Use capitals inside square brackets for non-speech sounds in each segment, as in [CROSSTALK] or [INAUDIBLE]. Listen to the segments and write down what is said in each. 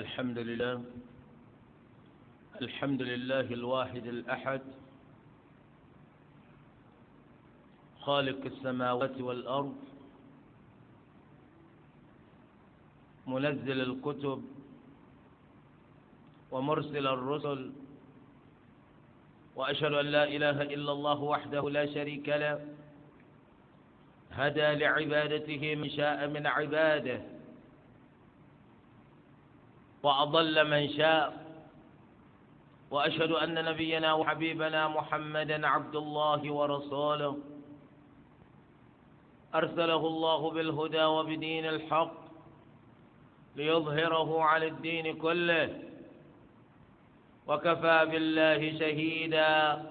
الحمد لله الحمد لله الواحد الأحد خالق السماوات والأرض منزل الكتب ومرسل الرسل وأشهد أن لا إله إلا الله وحده لا شريك له هدى لعبادته من شاء من عباده وأضل من شاء وأشهد أن نبينا وحبيبنا محمدا عبد الله ورسوله أرسله الله بالهدى وبدين الحق ليظهره على الدين كله وكفى بالله شهيدا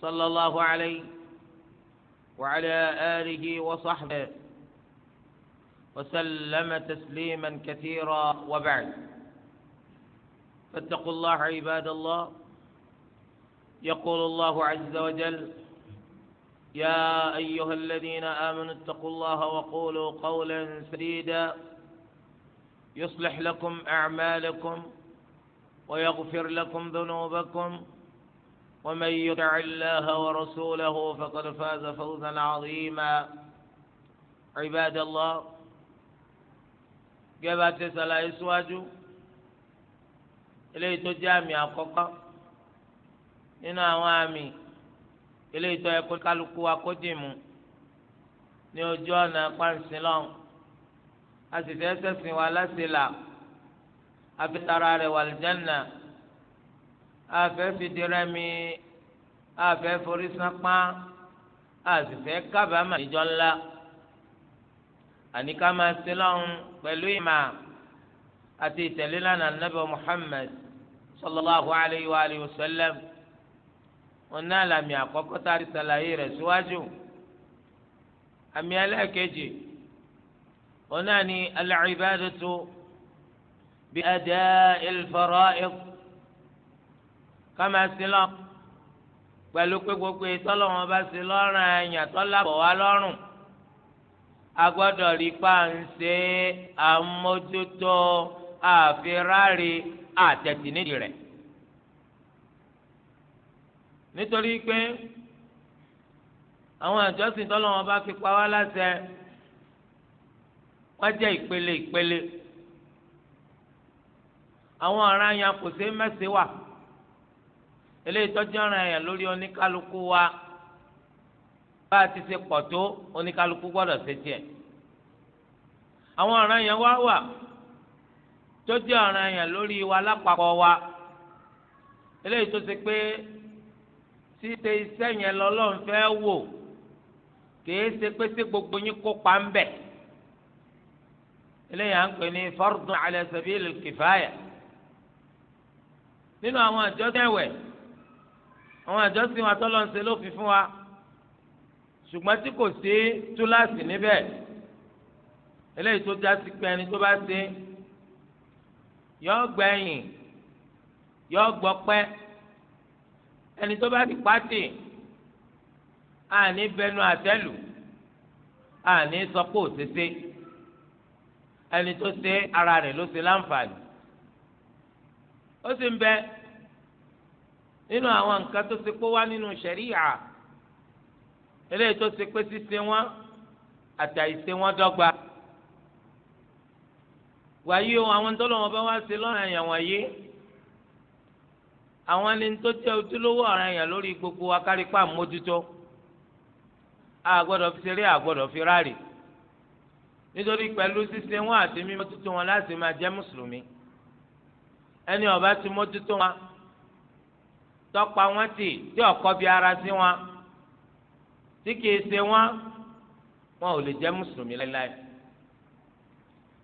صلى الله عليه وعلى آله وصحبه وسلم تسليما كثيرا وبعد فاتقوا الله عباد الله يقول الله عز وجل يا ايها الذين امنوا اتقوا الله وقولوا قولا سديدا يصلح لكم اعمالكم ويغفر لكم ذنوبكم ومن يطع الله ورسوله فقد فاز فوزا عظيما عباد الله gẹ́gẹ́ bá ti ṣàlàyé síwájú eléyìí tó jẹ́ àmì àkọ́kọ́ nínú àwọn àmì eléyìí tó yẹ kó kálukú akódìmù ní ojú ọ̀nà pàǹsílọ́n a sì fẹ́ sẹ́sìn wa lásìlà afitara rẹ̀ wà lìjánà a fẹ́ fìdí rẹmi a fẹ́ forí sápá a sì fẹ́ kábàámà níjọ́ ńlá àníkà máa sílọ́hún pẹ̀lú ìmà àti ìtẹ̀lélànà nàbẹ̀ Muhammad sallallahu alayhi wa alayhi wa sallam wọn náà làmì àkọ́kọ́ tá a ti sàlàyé rẹ̀ síwájú àmì ẹlẹ́ẹ̀kejì wọn náà ní al-ibadatu bi ada'il fara'id kama sílọ̀ pẹ̀lú pé gbogbo ìtọ́lọ́wọ́n bá sí lọ́rùn ẹ̀yàn tọ́lá wá lọ́rùn agbọ́dọ̀ rí pa ń ṣe àmójútó àfiráre àtẹ̀tìnídìí rẹ̀ nítorí pé àwọn àjọsìn tọ́lọ́wọ́n bá fi pa wá láṣẹ wọ́n jẹ́ ìpele ìpele àwọn ọ̀ràn yẹn kò sí mẹ́sẹ̀ wà eléyìí tọ́jú ọ̀ràn yẹn lórí oníkálukú wa bá a ti ṣe pọ̀ tó oníkálukú gbọ́dọ̀ ṣe tiẹ̀ àwọn ọ̀ràn yẹn wá wà tó jẹ́ ọ̀ràn yẹn lórí wa lápapọ̀ wa eléyìí tó ṣe pé ṣíṣe iṣẹ́ yẹn lọ́lọ́run fẹ́ wò kìí ṣe pé ṣé gbogbo yín kópa ń bẹ̀ eléyìí à ń pè ní fardun ala sabil al-kifaya nínú àwọn àjọ tẹ́wẹ̀ àwọn àjọ sìn wa tọ́lọ́ ń ṣe lófin fún wa ṣùgbọ́n tí kò sí túláàsì níbẹ̀ eléyìí tó já sí pé ẹni tó bá ṣe yọ gbẹ̀yìn yọ gbọ́pẹ́ ẹni tó bá ti pàtì àní bẹnu àtẹ́lù àní sọpọ òṣèṣe ẹni tó ṣe ara rẹ̀ ló ṣe láǹfààní ó sì ń bẹ nínú àwọn nǹkan tó ṣe pé wá nínú ṣẹ̀ríyà eléyìí tó ṣe pé ṣíṣe wọn àtàìṣe wọn dọ́gba wàyí o àwọn tó lọ́wọ́ bá wá ṣe lọ́rùn ẹ̀yàn wọ̀nyí àwọn ni tó jẹ́ ojúlówó ọ̀rọ̀ ẹ̀yàn lórí gbogbo akárípà mójútó a gbọ́dọ̀ fi ṣeré a gbọ́dọ̀ fi ráàlì nítorí pẹ̀lú ṣíṣe wọn àti mímójútó wọn láti máa jẹ́ mùsùlùmí ẹni ó bá ti mójútó wọn tọ́pa wọn tì tí ọ̀kọ́ bí ara sí wọn tí kìí ṣe wọn wọn ò lè jẹ́ mùsùlùmí láéláé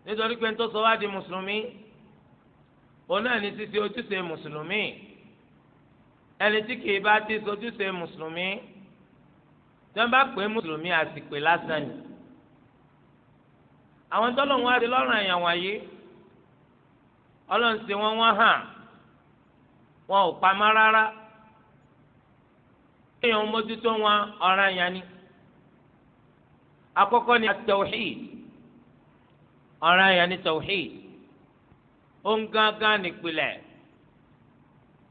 nítorí pé ń tó sọ wá di mùsùlùmí òun náà ní ṣíṣe ojúṣe mùsùlùmí ẹni tí kìí bá ti ṣojúṣe mùsùlùmí tí wọ́n bá pè é mùsùlùmí àsìpè lásán ni àwọn tọ́lọ̀ wọn àti lọ́rùn èèyàn wáyé ọlọ́run ṣe wọ́n wọ́n hàn wọn ò pamọ́ rárá kéèyàn ń mójútó wọn ọ̀ràn yẹn ni àkọ́kọ́ ni at-tawhid ọ̀ràn yẹn ni tawhid ó ń gángan nípìlẹ̀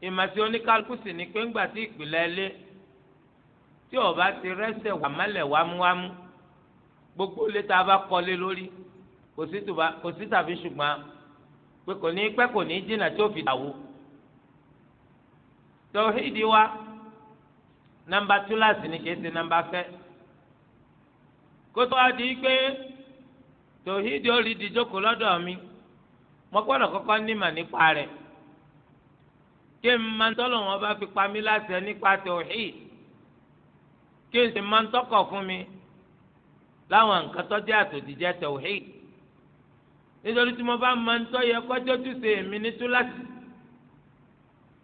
ìmọ̀sí oníkálukú sì ni pé ńgbà tí ìpìlẹ̀ lé tí ó ti rẹ́sẹ̀ wàmálẹ̀ wámúwámú gbogbo lé bá kọ́lé lórí kò sí tàbí ṣùgbọ́n pé kò ní pẹ́ kò ní jìnnà tí ó fi dàwó tawhid wa nọ́mbà túláàsì ni kìí ṣe nọ́mbà fẹ́ kótó a di pé tòhídìí ó rí di jókòó lọ́dọ̀ mi mo gbọ́dọ̀ kọ́kọ́ nímà nípa rẹ̀ kí n máa ń tọ́lọ̀ wọn bá fi pa mí láṣẹ nípa tòhídìí kí n sì máa ń tọkọ̀ fún mi láwọn nǹkan tó jẹ́ àtòjíjẹ́ tòhídìí nítorí tí mo bá máa ń tọ́ yẹ kọ́jọ́ tù sí èmi ní túláàsì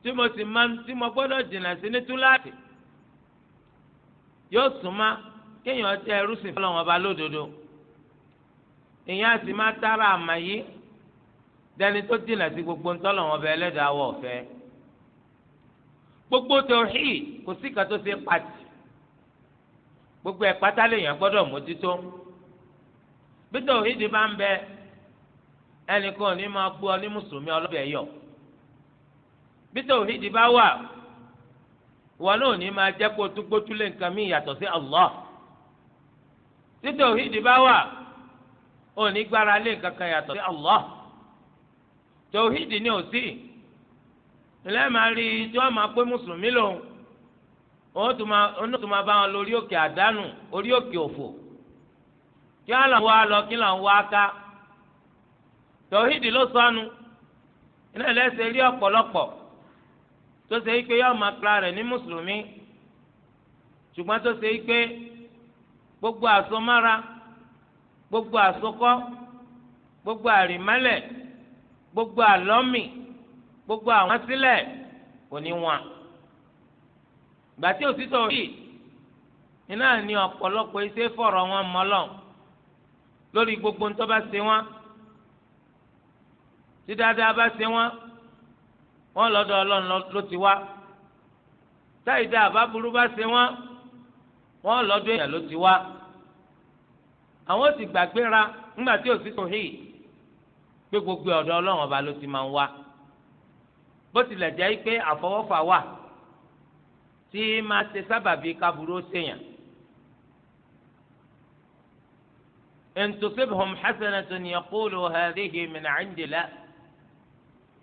tí mo sì máa ń tí mo gbọ́dọ̀ jìnnà sí ní túláàsì yóò súnmá kéèyàn tẹ ẹrú sìn fún ọlọ́wọ́n ọba lódodo èèyàn á sì máa tára àmà yìí dẹni tó dìnnà sí gbogbo ntọ́lọ́wọ́n ọba ẹlẹ́dàá wọ̀ ọ̀fẹ́ gbogbo tòhíì kò sí kan tó ṣe pàtì gbogbo ẹ̀ pátá lèèyàn gbọ́dọ̀ mójútó bí tòhíì ti bá ń bẹ ẹnìkan ò ní máa gbọ́ ní mùsùlùmí ọlọ́bẹ̀ bí tòhíì ti bá wà wọn náà ní máa jẹ́ kó tún gbójú nǹkan Allah títí ohidi bá wà ò gbára lé nǹkan kan Allah tòhídì ni ò lẹ́ẹ̀ma rí i tí wọ́n máa pé mùsùlùmí lòun òun tún máa bá wọn lórí òkè àdánù orí òkè òfò kí wọn lọ wá lọ kí wọn wá ká ló sọnù iná ẹlẹ́sẹ̀ rí ọ̀pọ̀lọpọ̀ tó ṣe yí pé yóò máa kpla rẹ̀ ní mùsùlùmí ṣùgbọ́n tó ṣe yí pé gbogbo àsomára gbogbo àsokọ́ gbogbo àrìmálẹ̀ gbogbo àlọ́mì gbogbo àwọn sílẹ̀ kò ní wọn. ìgbà tí òtítọ́ yìí iná ní ọ̀pọ̀lọpọ̀ iṣẹ́ fọ̀rọ̀ wọn mọ́lọ̀ lórí gbogbo ń tó bá ṣe wọn tí dáadáa bá ṣe wọn wọ́n lọ́dọ̀ ọlọ́run ló ti wá táyìdá àbábúrú bá ṣe wọ́n wọ́n lọ́dọ̀ èèyàn ló ti wá àwọn ti gbàgbéra ńgbà tí òsì tó hì pé gbogbo ọ̀dọ̀ ọlọ́run ọba ló ti máa ń wá bó tilẹ̀ jẹ́ pé àfọwọ́fà wà tí máa ṣe sábàbí kaburú ṣèyàn. إن تصبهم حسنة يقولوا هذه من عند الله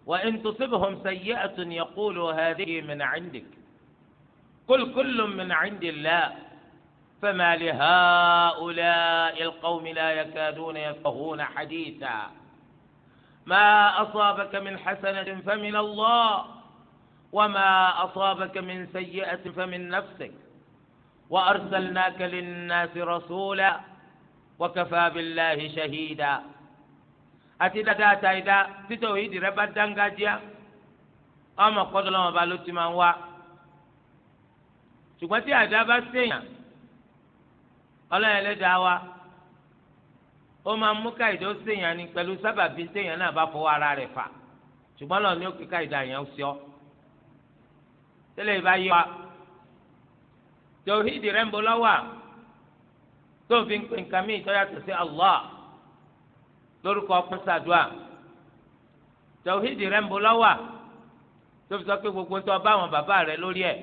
وإن تصبهم سيئة يقولوا هذه من عندك قل كل من عند الله فما لهؤلاء القوم لا يكادون يفقهون حديثا ما أصابك من حسنة فمن الله وما أصابك من سيئة فمن نفسك وأرسلناك للناس رسولا وكفى بالله شهيدا àti dáadáa àtàyídá títọ̀ òyìn ìdìrẹ́ bá dángájíá ọmọ kọ́dọ̀ lọ́wọ́ ba ló ti máa ń wá ṣùgbọ́n tí àdá bá sèèyàn ọlọ́yìn ẹlẹ́dàá wa ó máa mú káyidó sèèyàn ni pẹ̀lú sábàbí sèèyàn náà bá fọwọ́ ara rẹ̀ fà ṣùgbọ́n lọ́ọ̀ ní òkè káyidá yẹn sí ọ tẹ́lẹ̀ ìbá yé wa tòhídìí rẹ̀ ń bọ́ lọ́wọ́ tó fi ń pè nǹkan mí ìtọ́jà tó sí Allah lórúkọ ọpín sàdúà tẹ̀wíìdì rẹ̀ ń bo lọ́wà tó fi sọ pé gbogbo ń tọ́ bá àwọn bàbá rẹ̀ lórí ẹ̀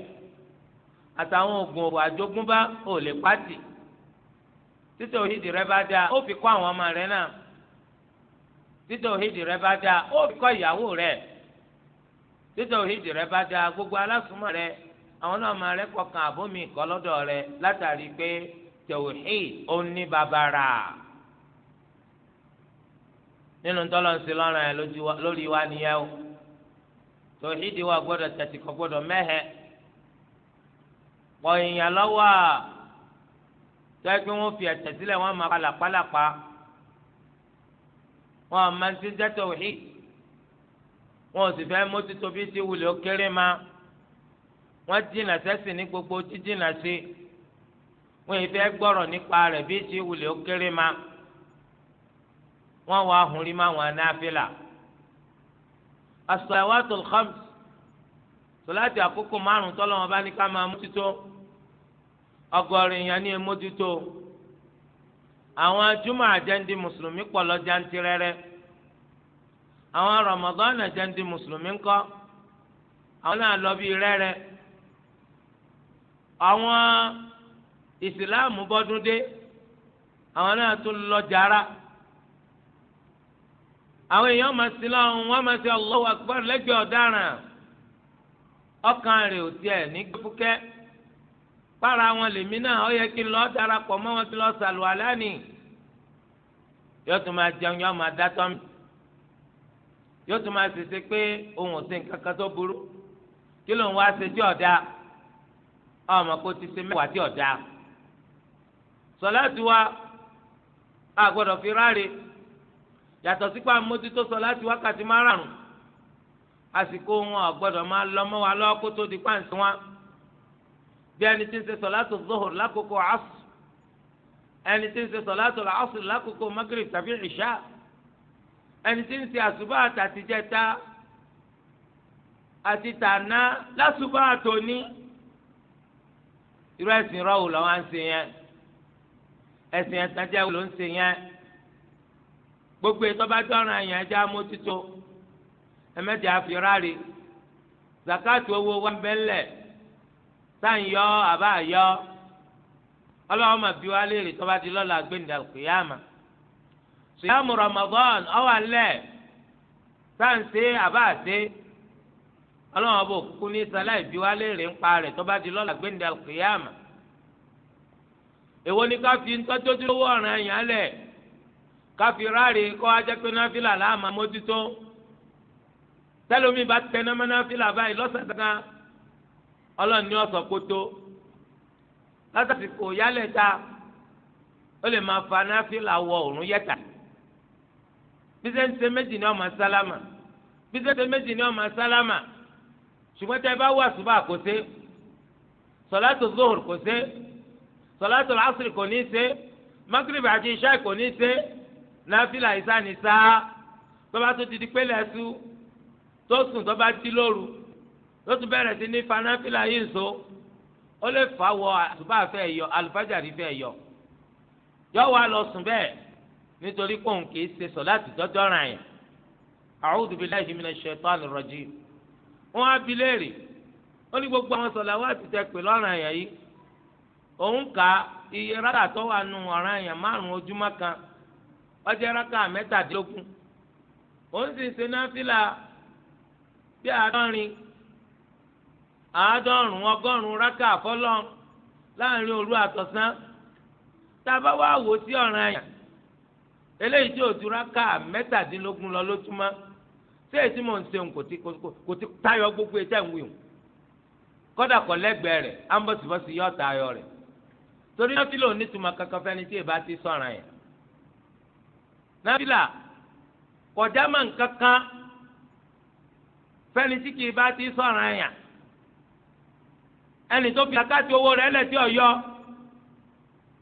àtàwọn oògùn òwò àjogúnbá ò lè pàtì títí òhídìí rẹ bá dáa ó fi kọ́ àwọn ọmọ rẹ náà títí òhídìí rẹ bá dáa ó fi kọ́ ìyàwó rẹ títí òhídìí rẹ bá dáa gbogbo alásùnmọ́ rẹ àwọn náà máa rẹ kọkàn àbómi ìkọ́ lọ́dọ̀ rẹ látàrí pé tòhídìí ó bàbàrà nínú tọ́lọ́nsì lọ́rùn ẹ̀ lórí wa nìyẹn o tòhídì wa gbọ́dọ̀ tẹ̀tì kọ́ gbọ́dọ̀ mẹ́hẹ̀ pọ̀yìnyàn lọ́wọ́ à tẹ́gbẹ́ wọn fi ẹ̀tẹ̀ sílẹ̀ wọn máa palà pálàpá wọn a máa ti jẹ́ tòhí wọn ò sì fẹ́ mójútó bí ti wulẹ̀ ó kéré ma wọn jìnnà sẹ́sìn ní gbogbo jíjìnnà sí wọn ì fẹ́ gbọ́rọ̀ nípa rẹ̀ bí ti wulẹ̀ ó kéré ma wọn wà ahùnrí máa wọn náfìlà as-salawatul khams sọláàtì àkókò márùn tọ́lọ́wọ́n bá ní ká máa mójútó ọgọ́rin èèyàn ní mójútó àwọn júmọ̀ àjẹ́ndì mùsùlùmí pọ̀ lọ́jà ń tirẹ́rẹ́ àwọn Ramadan àjẹ́ndì mùsùlùmí ńkọ́ àwọn náà lọ bí rẹ́rẹ́ àwọn ìsìláàmù bọ́dún dé àwọn náà tún lọ jàrá àwọn èèyàn máa sí lọ́hùn wọ́n máa sí Allahu Akbar lẹ́gbẹ̀ẹ́ ọ̀daràn ọkàn rẹ̀ ò tiẹ̀ ní gbẹ́fúkẹ́ para wọn lèmi náà ó yẹ kí n lọ darapọ̀ mọ́ wọn ti lọ sàlùwàlá ni yóò tún máa jẹun yóò máa dá tán yóò tún máa ṣèṣe pé ohun ọ̀sìn kankan tó burú kí ló ń wá ṣe tí ọ̀dà ọmọ kò ti ṣe mẹ́wàá tí ọ̀dà sọlá tiwa a fi ráre yàtọ̀ sípò àmójútó sọ láti wákàtí márùn-ún àsìkò wọn àgbọ́dọ̀ máa lọ mọ́ wa lọ́wọ́ kó tó di pàǹsí wọn bí ẹni tí ń ṣe sọ láti zohor lákòókò asù ẹni tí ń ṣe sọláàtò làásù lákòókò magrib tàbí ìṣá ẹni tí ń ṣe àṣùbà àtàtìjẹta àti tàná lásùbà àtòní irú ẹ̀sìn rọ́wù lọ́wọ́ ń ṣe yẹn ẹ̀sìn ẹ̀tàjẹ́ ló ń ṣe yẹn gbogbo ìtọ́ba dọ́ràn yẹn ẹja mójútó ọrụ àfirárì zakati owó wa ń bẹ́lẹ̀ sáǹyọ àbá àyọ ọlọ́wọ́n mà bí wa léèrè tọ́ba lọ́la gbẹ̀ndà kìyàmà sùyàmù Ramadan ọwọ́ alẹ́ àbá ọlọ́wọ́n bò kúkú ní wa léèrè ń lọ́la gbẹ̀ndà kìyàmà èwo ni ká fi ń tọ́jú ọ̀ràn lẹ̀. káfi ráre kọ́ ajẹ́ pé náfìlà láàmà mójútó tẹ́lómi bá tẹná mọ́ náfìlà báyìí lọ́sàn-án kan ọlọ́ọ̀ni ọ̀sán kótó látàkì kò yálẹ̀ ta ó lè máa fa náfìlà wọ òrùn yẹ̀tà bísẹ̀ǹsẹ̀ méjì ni ọmọ sálámà bísẹ̀ǹsẹ̀ méjì ni ọmọ sálámà ṣùgbọ́n bá wà ṣùgbọ́n àkóso sọ̀látò zohor kò ṣe asiri kò ní ṣe magrib àti ishai kò ní ṣe náfìlà ìsáni sáá tọ́ba tó ti di pé lẹ́sù tó sùn tọ́ba jí lóru tó tún bẹ̀rẹ̀ sí ní fa náfìlà yìí so ó lè fà wọ àtúbà fẹ́ yọ àlùfájàrí fẹ́ yọ yọ wà lọ sùn bẹ́ẹ̀ nítorí pé òun kìí ṣe sọ̀láàtì dọ́dọ́ ra yẹn a'udhu billahi minash shaitani rajim wọ́n á bi léèrè ó ní gbogbo àwọn sọ̀lá wá ti tẹ pè lọ́rùn àyàn yìí òun kà iye rárá tó wà ọ̀ràn àyàn márùn-ún ojúmọ́ kan ọjọ́ rákà mẹ́tàdínlógún òun sì ṣe náfìlà bí àádọ́rin àádọ́rùn ọgọ́rùn rákà fọlọ́ láàrin òru àtọ̀sán tá a bá wá wò sí ọ̀ràn àyàn eléyìí tí òtún rákà mẹ́tàdínlógún lọ ló túmọ̀ ṣé èyí tí mò ń ṣeun kò ti kò ti tayọ gbogbo ẹ̀jẹ̀ ń wíwù kọ́dà kọ́ lẹ́gbẹ̀ẹ́ rẹ̀ ambọ̀sibọ́sì yọ tayọ rẹ̀ torí náà tí lòun kankan fẹ́ni tí èbá ti sọ̀ràn yẹn nábìlà kọjá mà nǹkan kan fẹ́ni tí kìí bá ti sọ̀rọ̀ ẹ̀yàn ẹni tó fi àkáàtì owó rẹ̀ lẹ́tí ọ̀yọ́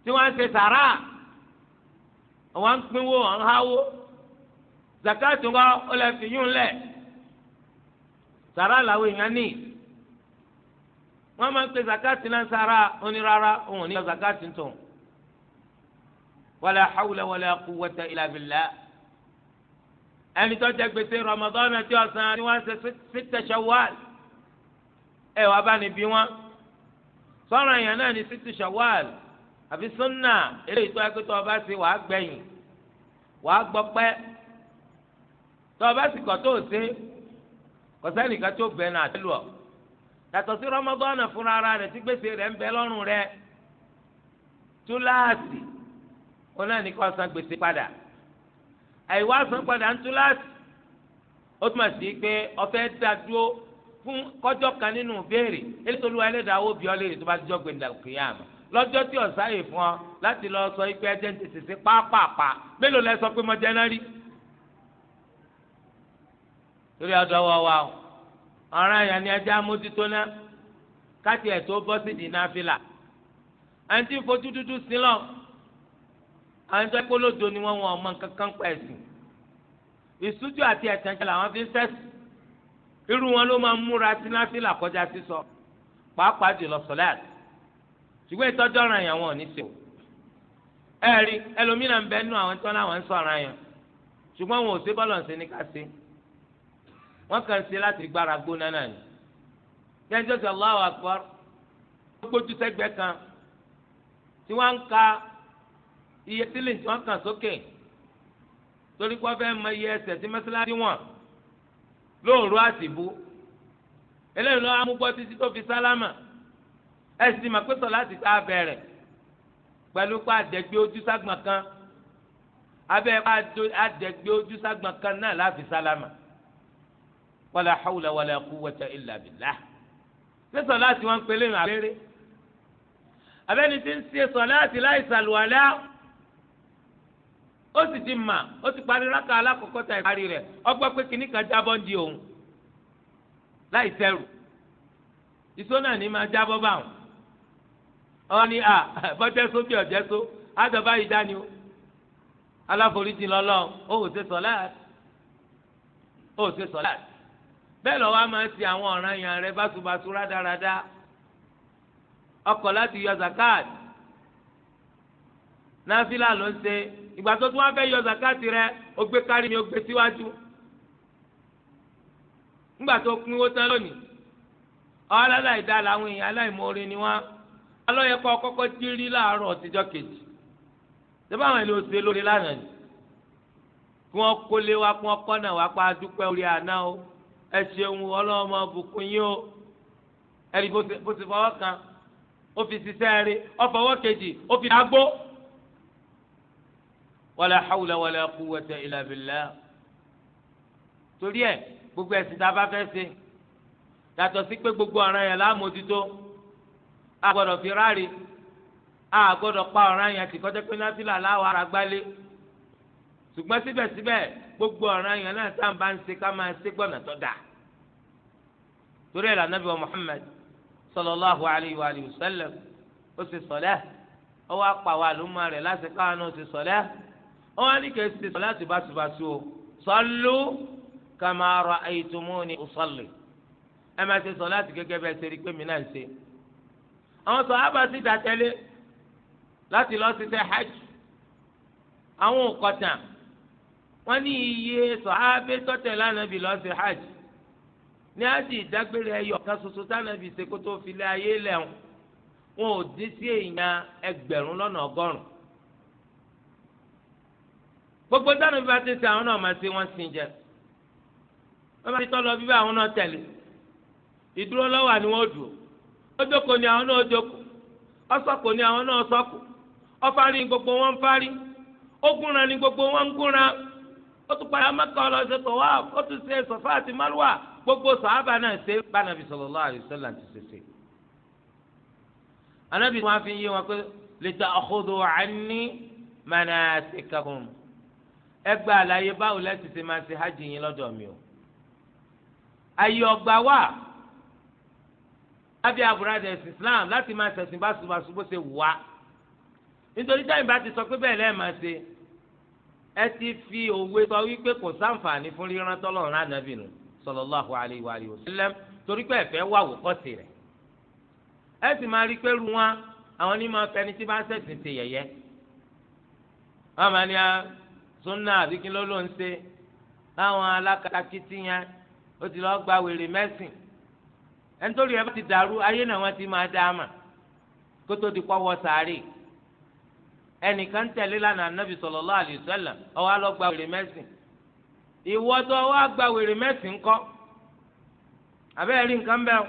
tí wọ́n ń ṣe sàrà wọ́n ń pinwó wọ́n ń háwó zakati ńkọ́ ó lè fi yún lẹ̀ sàrà làwọn èèyàn ní wọ́n máa ń pe zakati náà sàrà onírara òun ní yọ zakati tó wala hawla wala quwwata illa billah ẹni tó jẹ gbèsè Ramadan tí ọ̀sán ni wọ́n ṣe sita Shawwal ẹ wàá bá ní bí wọn sọ̀rọ̀ èèyàn náà ní sita Shawwal àfi sunna eré ìtọ́ akẹ́tọ̀ ọba sí wàá gbẹ̀yìn wàá gbọ́ pẹ́ tọ́ ọba sì kọ́ tó o ṣe kò sẹ́nìkan tó bẹ̀ náà tẹ́lu ọ̀ yàtọ̀ sí Ramadan fúnra rẹ̀ tí gbèsè rẹ̀ ń bẹ lọ́rùn rẹ̀ túláàsì wọn náà ní kó san gbèsè padà àìwá san padà ń tú láti ó túmọ̀ sí pé ọ̀fẹ́ dá dúró fún kọjọ́ kan nínú béèrè ètò olúwa ẹlẹ́dàá ó bí ọ léèrè tó bá jọ́ gbẹ̀ndà kìyàmù lọ́jọ́ tí ọ̀sá yìí fún ọ láti lọ sọ ikú ẹjẹ́ ń tètè sí pápápá mélòó lẹ sọ pé mo jẹ náà rí. torí ọ̀dọ̀ wọ wa o ọ̀ràn yẹn ni ẹjẹ́ amójútó náà káti ẹ̀ tó bọ́ sí dìínà fìlà ẹni fojú dúdú sí lọ àwọn tó ẹgbẹ́ olódo ni wọ́n wọn ọmọ kankan pa ẹ̀sìn ìsújú àti ẹ̀sìn jẹ́ làwọn fi ń sẹ́sì irú wọn ló máa ń múra sínáfí làkọjá sísọ pàápàá jùlọ sọláàtì ṣùgbọ́n ìtọ́jú ọ̀ràn yẹn wọn ò ní ṣe o ẹ̀rí ẹlòmíràn ń bẹ nínú àwọn tí wọ́n láwọn ń sọ ọ̀ràn yẹn ṣùgbọ́n wọn ò sí bọ́lọ̀ ṣe ní ká ṣe wọ́n kàn ṣe láti gbára gbóná náà ni jẹ́jọ́ sọ Allahu ó gbójú sẹ́gbẹ́ kan tí wọ́n ń ka iye sílìn tí wọ́n kàn sókè torí pé wọ́n fẹ́ mọ iye ẹsẹ̀ tí mọ́sálásí wọn lóòrú àtìbú eléyìí ló wá mú gbọ́ títí tó fi sálámà ẹ̀sìn mà pé sọ̀lá ti ta bẹ̀rẹ̀ pẹ̀lú pé àdẹ̀gbé ojú ságbọ̀n kan abẹ́ àdẹ̀gbé ojú ságbọ̀n kan náà láfi sálámà wàlà hawla wàlà quwwata illa billah ṣé sọ̀lá ti wọ́n ń pelé àbẹ́rẹ́ abẹ́ni ti ń ṣe sọ̀lá láì sàlùwàlá. ó sì ti mà ó ti parí rákà alákọ̀ọ́kọ́ ta ìparí rẹ̀ ọgbọ́n pé kìnnì kan jábọ́ di òun láì sẹ́rù ìṣó náà ní máa jábọ́ bá ni à bọ́jẹ́só bí ọ̀jẹ́só àdọ̀bá yìí dání o aláforíjì lọ́lọ́ ó ò ṣe ó ò ṣe bẹ́ẹ̀ lọ́wọ́ a máa ń ṣe náfìlà ló ń ṣe ìgbà tó tún wá fẹ́ yọ zakati rẹ ó gbé kárí mi ó gbé síwájú ńgbà tó kún owó tán lónìí ọ̀hún aláìdá làwọn èèyàn aláìmoore ni wọ́n alọ́yẹ kọ́ kọ́kọ́ tí rí láàárọ̀ ọ̀tíjọ́ kejì sẹ́fà àwọn ènìyàn ṣe lórí lánàá ni kí wọ́n kólé wa kí wọ́n kọ́nà wa pa dúpẹ́ orí àná o ẹ ṣeun ọlọ́mọ bùkún yín o ẹ̀rí bó ti fọwọ́ kan ó fi ṣiṣẹ́ rí ó fọwọ́ kejì ó fi dàgbó wala hawla wala quwwata illa billah torí ẹ gbogbo ẹ̀sìn tá a bá fẹ́ ṣe yàtọ̀ sí pé gbogbo ọ̀ràn yẹn láàmójútó a gbọ́dọ̀ fi ráàrí a gbọ́dọ̀ pa ọ̀ràn yẹn tí kọjá pé násìlà láwọ ara gbálé ṣùgbọ́n síbẹ̀síbẹ̀ gbogbo ọ̀ràn yẹn náà tá à ń bá ń ṣe ká máa ṣe gbọ́nà tó dáa torí ẹ̀ lànà bí wa Muhammad sallallahu alayhi wa sallam ó ṣe sọ̀lẹ́ ọwọ́ apàwọ̀ àlùmọ́ rẹ̀ láti káwọn náà ó ṣe sọ̀lẹ́ wọn ní kí ṣe sọláàtì báṣubàṣu o sọlú kàmáàrọ àìtùmúni ọsọlẹ ẹ máa ṣe sọláàtì gẹ́gẹ́ bẹ́ẹ̀ ṣe rí pé mi náà ń ṣe. àwọn sọ abasi dàtẹlé láti lọ sí ṣe hajj àwọn òkọtà wọn ní iye sọ abẹ tọtẹ lánàbì lọ sí hajj ní àti ìdágbére ẹyọ kan ṣoṣo tánàbì ṣe kó filẹ ayé lẹhùn wọn ò dín sí èèyàn ẹgbẹ̀rún lọ́nà ọgọ́rùn gbogbo dáná bí bá ti ṣe àwọn náà máa ṣe wọ́n sin jẹ wọ́n bá ti tọ́ lọ bíbá àwọn náà tẹ̀lé ìdúró lọ́wọ́ ni wọ́n dùn ó jókòó ni àwọn náà jókòó ọ̀sọ́kò ni àwọn náà ni gbogbo wọn ń fárí ni gbogbo wọn gunra ó tún padà mẹ́kà ọlọ́sẹ̀ tó wá ó tún ṣe sọ̀fà àti gbogbo sàhábà náà ṣe bánàbí sallallahu alaihi ti wọn fi yé wọn pé ẹ gba àlàyé báwo lẹ́sìn ṣe máa ṣe hajj yín lọ́dọ̀ mi o ayé ọgbà wà lábẹ́ àbúradà Islam láti máa ṣẹ̀sìn báṣubàṣu bó ṣe wà nítorí táyìn bá ti sọ pé bẹ́ẹ̀ lẹ́ẹ̀ máa ṣe ẹ ti fi òwe sọ wípé kò sáǹfààní fún ríran tọ́lọ́run ànábì nù sallallahu alaihi wa alihi wasallam torí pé ẹ̀fẹ́ wà wò kọ́sì rẹ̀ ẹ sì máa rí pé ru wọn àwọn onímọ̀ fẹni tí bá ń ṣẹ̀sìn ti yẹ̀yẹ́ wọn máa ní sunna àbí kí ló ló ń ṣe láwọn alákatakítí yẹn ó ti lọ́ọ́ gba wèrè mẹ́sìn ẹnitóri ẹ ti dàrú ayé náà wọ́n ti máa dá a mà kó tó di pọ́wọ́ sáré ẹnìkan tẹ̀lé lánàá nàbì sallallahu alaihi wasallam ọwọ́ alọ́ gba wèrè mẹ́sìn ìwọ tó ọwọ́ àgbà wèrè mẹ́sìn kọ́ abẹ́rẹ́ rí nǹkan bẹ́ẹ̀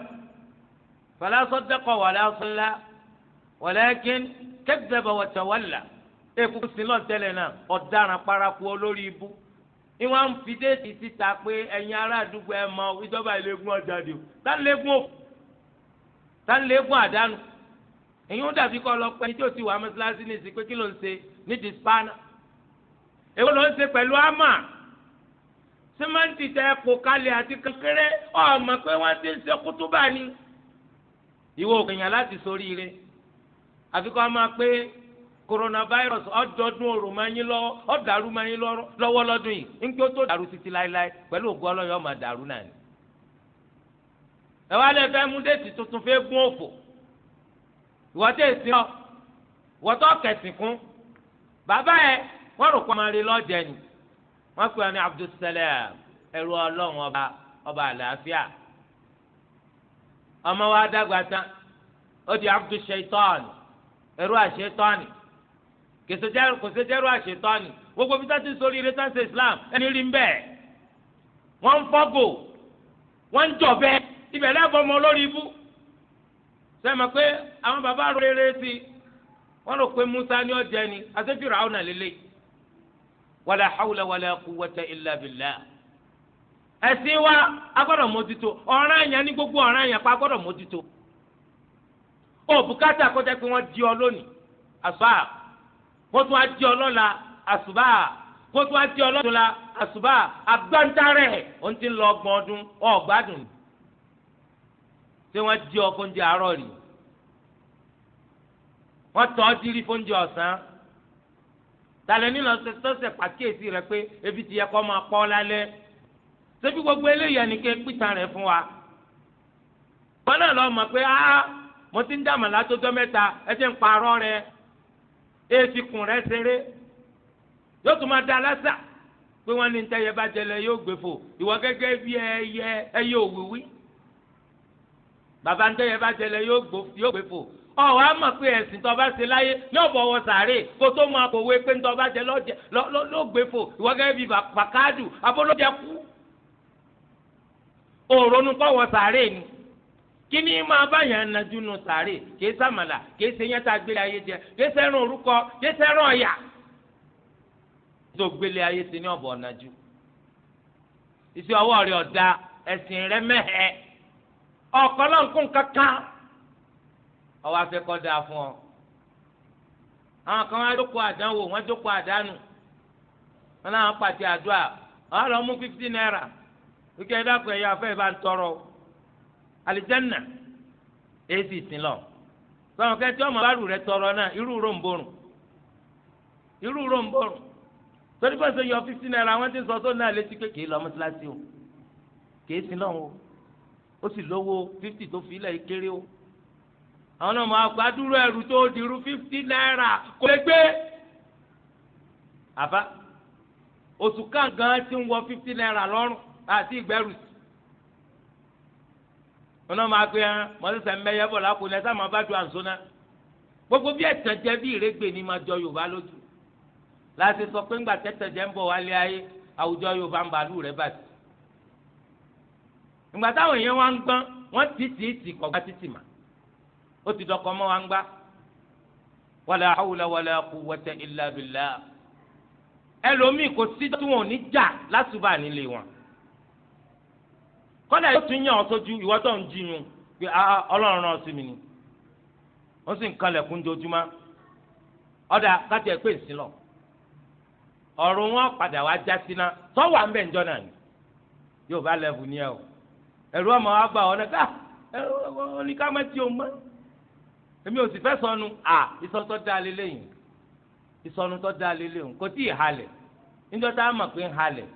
fala saddaqa wala salla walakin kadhaba wa tawalla. tẹ́kù sílọ̀ tẹ́lẹ̀ náà ọ̀daràn paraku olórí ibú ni wọ́n ń fi déètì síta pé ẹ̀yin ará àdúgbò ẹ̀ mọ ìjọba ìlẹ́gùn ọjà dì o tá ń lẹ́gùn òfò tá ń lẹ́gùn àdánù ẹ̀yin ó dàbí kọ́ lọ pé ẹni tí ò ti wà mọ́sálásí ní ìsìn kí ló ń ṣe ní dispana èwo ló ń ṣe pẹ̀lú ámà símẹ́ǹtì tẹ kó kalẹ̀ àti kékeré ọmọ pé wọ́n ti ń ṣe kútúbà ni ìwọ òkèèyàn láti sóríire àfikọ́ máa pé coronavirus ọdọọdún òrùn ma yín lọ́wọ́ yìí ń o tó dàrú títí láéláé pẹ̀lú ògùn ọlọ́yọ̀ máa dàrú náà ni. ẹ̀wá lẹ́ fẹ́ mú déètì tuntun fẹ́ gún òfò ìwọ́tẹ́ ìsìn ọ kún bàbá ẹ rò ni Abdulsalam ọba ọba àlàáfíà ọmọ wa dàgbà tán ó di àṣetọ́ni kèsèjẹrù kòsèjẹrù àṣetọ́ni gbogbo bí táti sórí ilé táti islam ẹni rí mbẹ́ wọ́n ń fọ́gò wọ́n ń jọ̀bẹ́ ibẹ̀ lẹ́bọ̀ ọmọ lórí ibú sẹ́mi pé àwọn bàbá rere sí i wọ́n rò pé musa ni ọ̀jẹ̀ ni àṣefìrà àwọn àlélẹ́ wàlà hawla wàlà quwwata illa billah ẹ̀sìn wa agbọ́dọ̀ mójútó ọ̀ràn àyàn ní gbogbo ọ̀ràn àyàn pa agbọ́dọ̀ mójútó òbúkátà kọjá pé wọ́n di ọ lónìí àṣọ àpò kó tún á di ọlọ́la àṣùbà kó tún á di ọlọ́la àṣùbà agbáńtarẹ̀ ó ti ń lọ ọgbọ̀n ọdún ọ̀gbádùn ṣé wọ́n di ọkọ oúnjẹ àárọ̀ rí wọ́n tọ́ dírí fóúnjẹ ọ̀sán tàlẹ́ nínú ọ̀sẹ̀ pàkíyèsí rẹ pé ebi ti yẹ kó máa pọ́ lálẹ́ ṣebí gbogbo eléyìí ẹnìkẹ́ pìtàn rẹ̀ fún wa wọn náà lọ mọ̀ pé áá mo ti ń dàmọ̀ látọjọ́ mẹ́ta ẹ ti ń parọ́ rẹ̀ èsì kùn rẹ ṣeré yóò tún máa da lásà pé wọn ní ntẹyẹ bá jẹlẹ yóò gbé fò ìwọ gẹ́gẹ́ bí ẹyẹ ẹyẹ òwìwí bàbá ntẹyẹ bá jẹlẹ yóò gbé fò ọ wàá mọ̀ pé ẹ̀sìn tó bá ṣe láyé yóò bọ̀wọ̀ sàárè kó tó máa kòwé pé tó bá jẹ ló gbé fò ìwọ gẹ́gẹ́ bí bàkádù abọ́lójẹ kú òòrùn kọ̀wọ̀ sàárè ni. kí ni máa bá yàn nàdú nù sàárè kì í sàmàlà kì í yẹn tá a gbélé ayé jẹ kì í orúkọ kì í sẹ́rùn ọ̀yà. tó gbélé ayé ṣe ní ọ̀bọ̀ nàdú iṣẹ́ ọwọ́ rẹ̀ ọ̀dà ẹ̀sìn kankan ọwọ́ afẹ́ da fún ọ. àwọn kan wá àdánwò wọ́n àdánù wọn náà pàṣẹ àdúrà lọ mú fifty naira wíkẹ́ ẹ̀yà alijanna èsì ìsìnlọ sọ̀rọ̀ kẹ́tí ọmọ bá rù rẹ tọrọ náà irú ròǹbòrùn irú ròǹbòrùn torí bá ṣe yọ fífi náírà wọn ti sọ tó náà létí pé kìí lọ mọ́tíláṣí o kìí sin lọ́wọ́ ó sì lówó fífì tó fi ilẹ̀ kéré o àwọn ọmọ àgbàdúró ẹrù tó dirú fífì náírà kò lè gbé àbá oṣù kan gan ti ń wọ fífì náírà lọ́rùn àti ìgbẹ́rùsì ọ̀nà máa pe ẹ mọ̀lẹ́sẹ̀ mẹ́yẹ bọ̀ lákùnrin ẹ̀sán máa bá ju àǹsó náà gbogbo bí ẹ̀tàn jẹ bí ìrégbè ni máa jọ yorùbá lójú láti sọ pé ńgbà tẹ́tàn jẹ ń bọ̀ wálé ayé àwùjọ yorùbá ń bàálù rẹ̀ bàtì ìgbà táwọn èèyàn wá ń gbọ́n wọ́n ti tì í tì kọ̀gbá títì mà ó ti dọ̀kọ̀ mọ́ wa ń gbá wàlà àwùlà wàlà kú wọ́tẹ́ ìlà bìlà ẹlòmíì kò sí tí wọn ò ní kọ́dà yóò tún yàn ọ́ sójú ìwọ tó ń jiyàn pé ah, ah, ọlọ́run náà sí mi ni ó sì ń kalẹ̀kùn jojúmọ́ ọ̀dà kájà ẹ̀ pé ń ọ̀run wọn padà wá já síná sọ́wọ́ à ń ń jọ́nà ni yóò bá lẹ́bù ní ẹ o ẹ̀rú ọmọ wa gbà ọ́ náà oníkà ah, má ti òun mọ́ èmi ò sì fẹ́ sọnù à ìsọtọ́ kò tí ì halẹ̀ tá a mọ̀ pé ń halẹ̀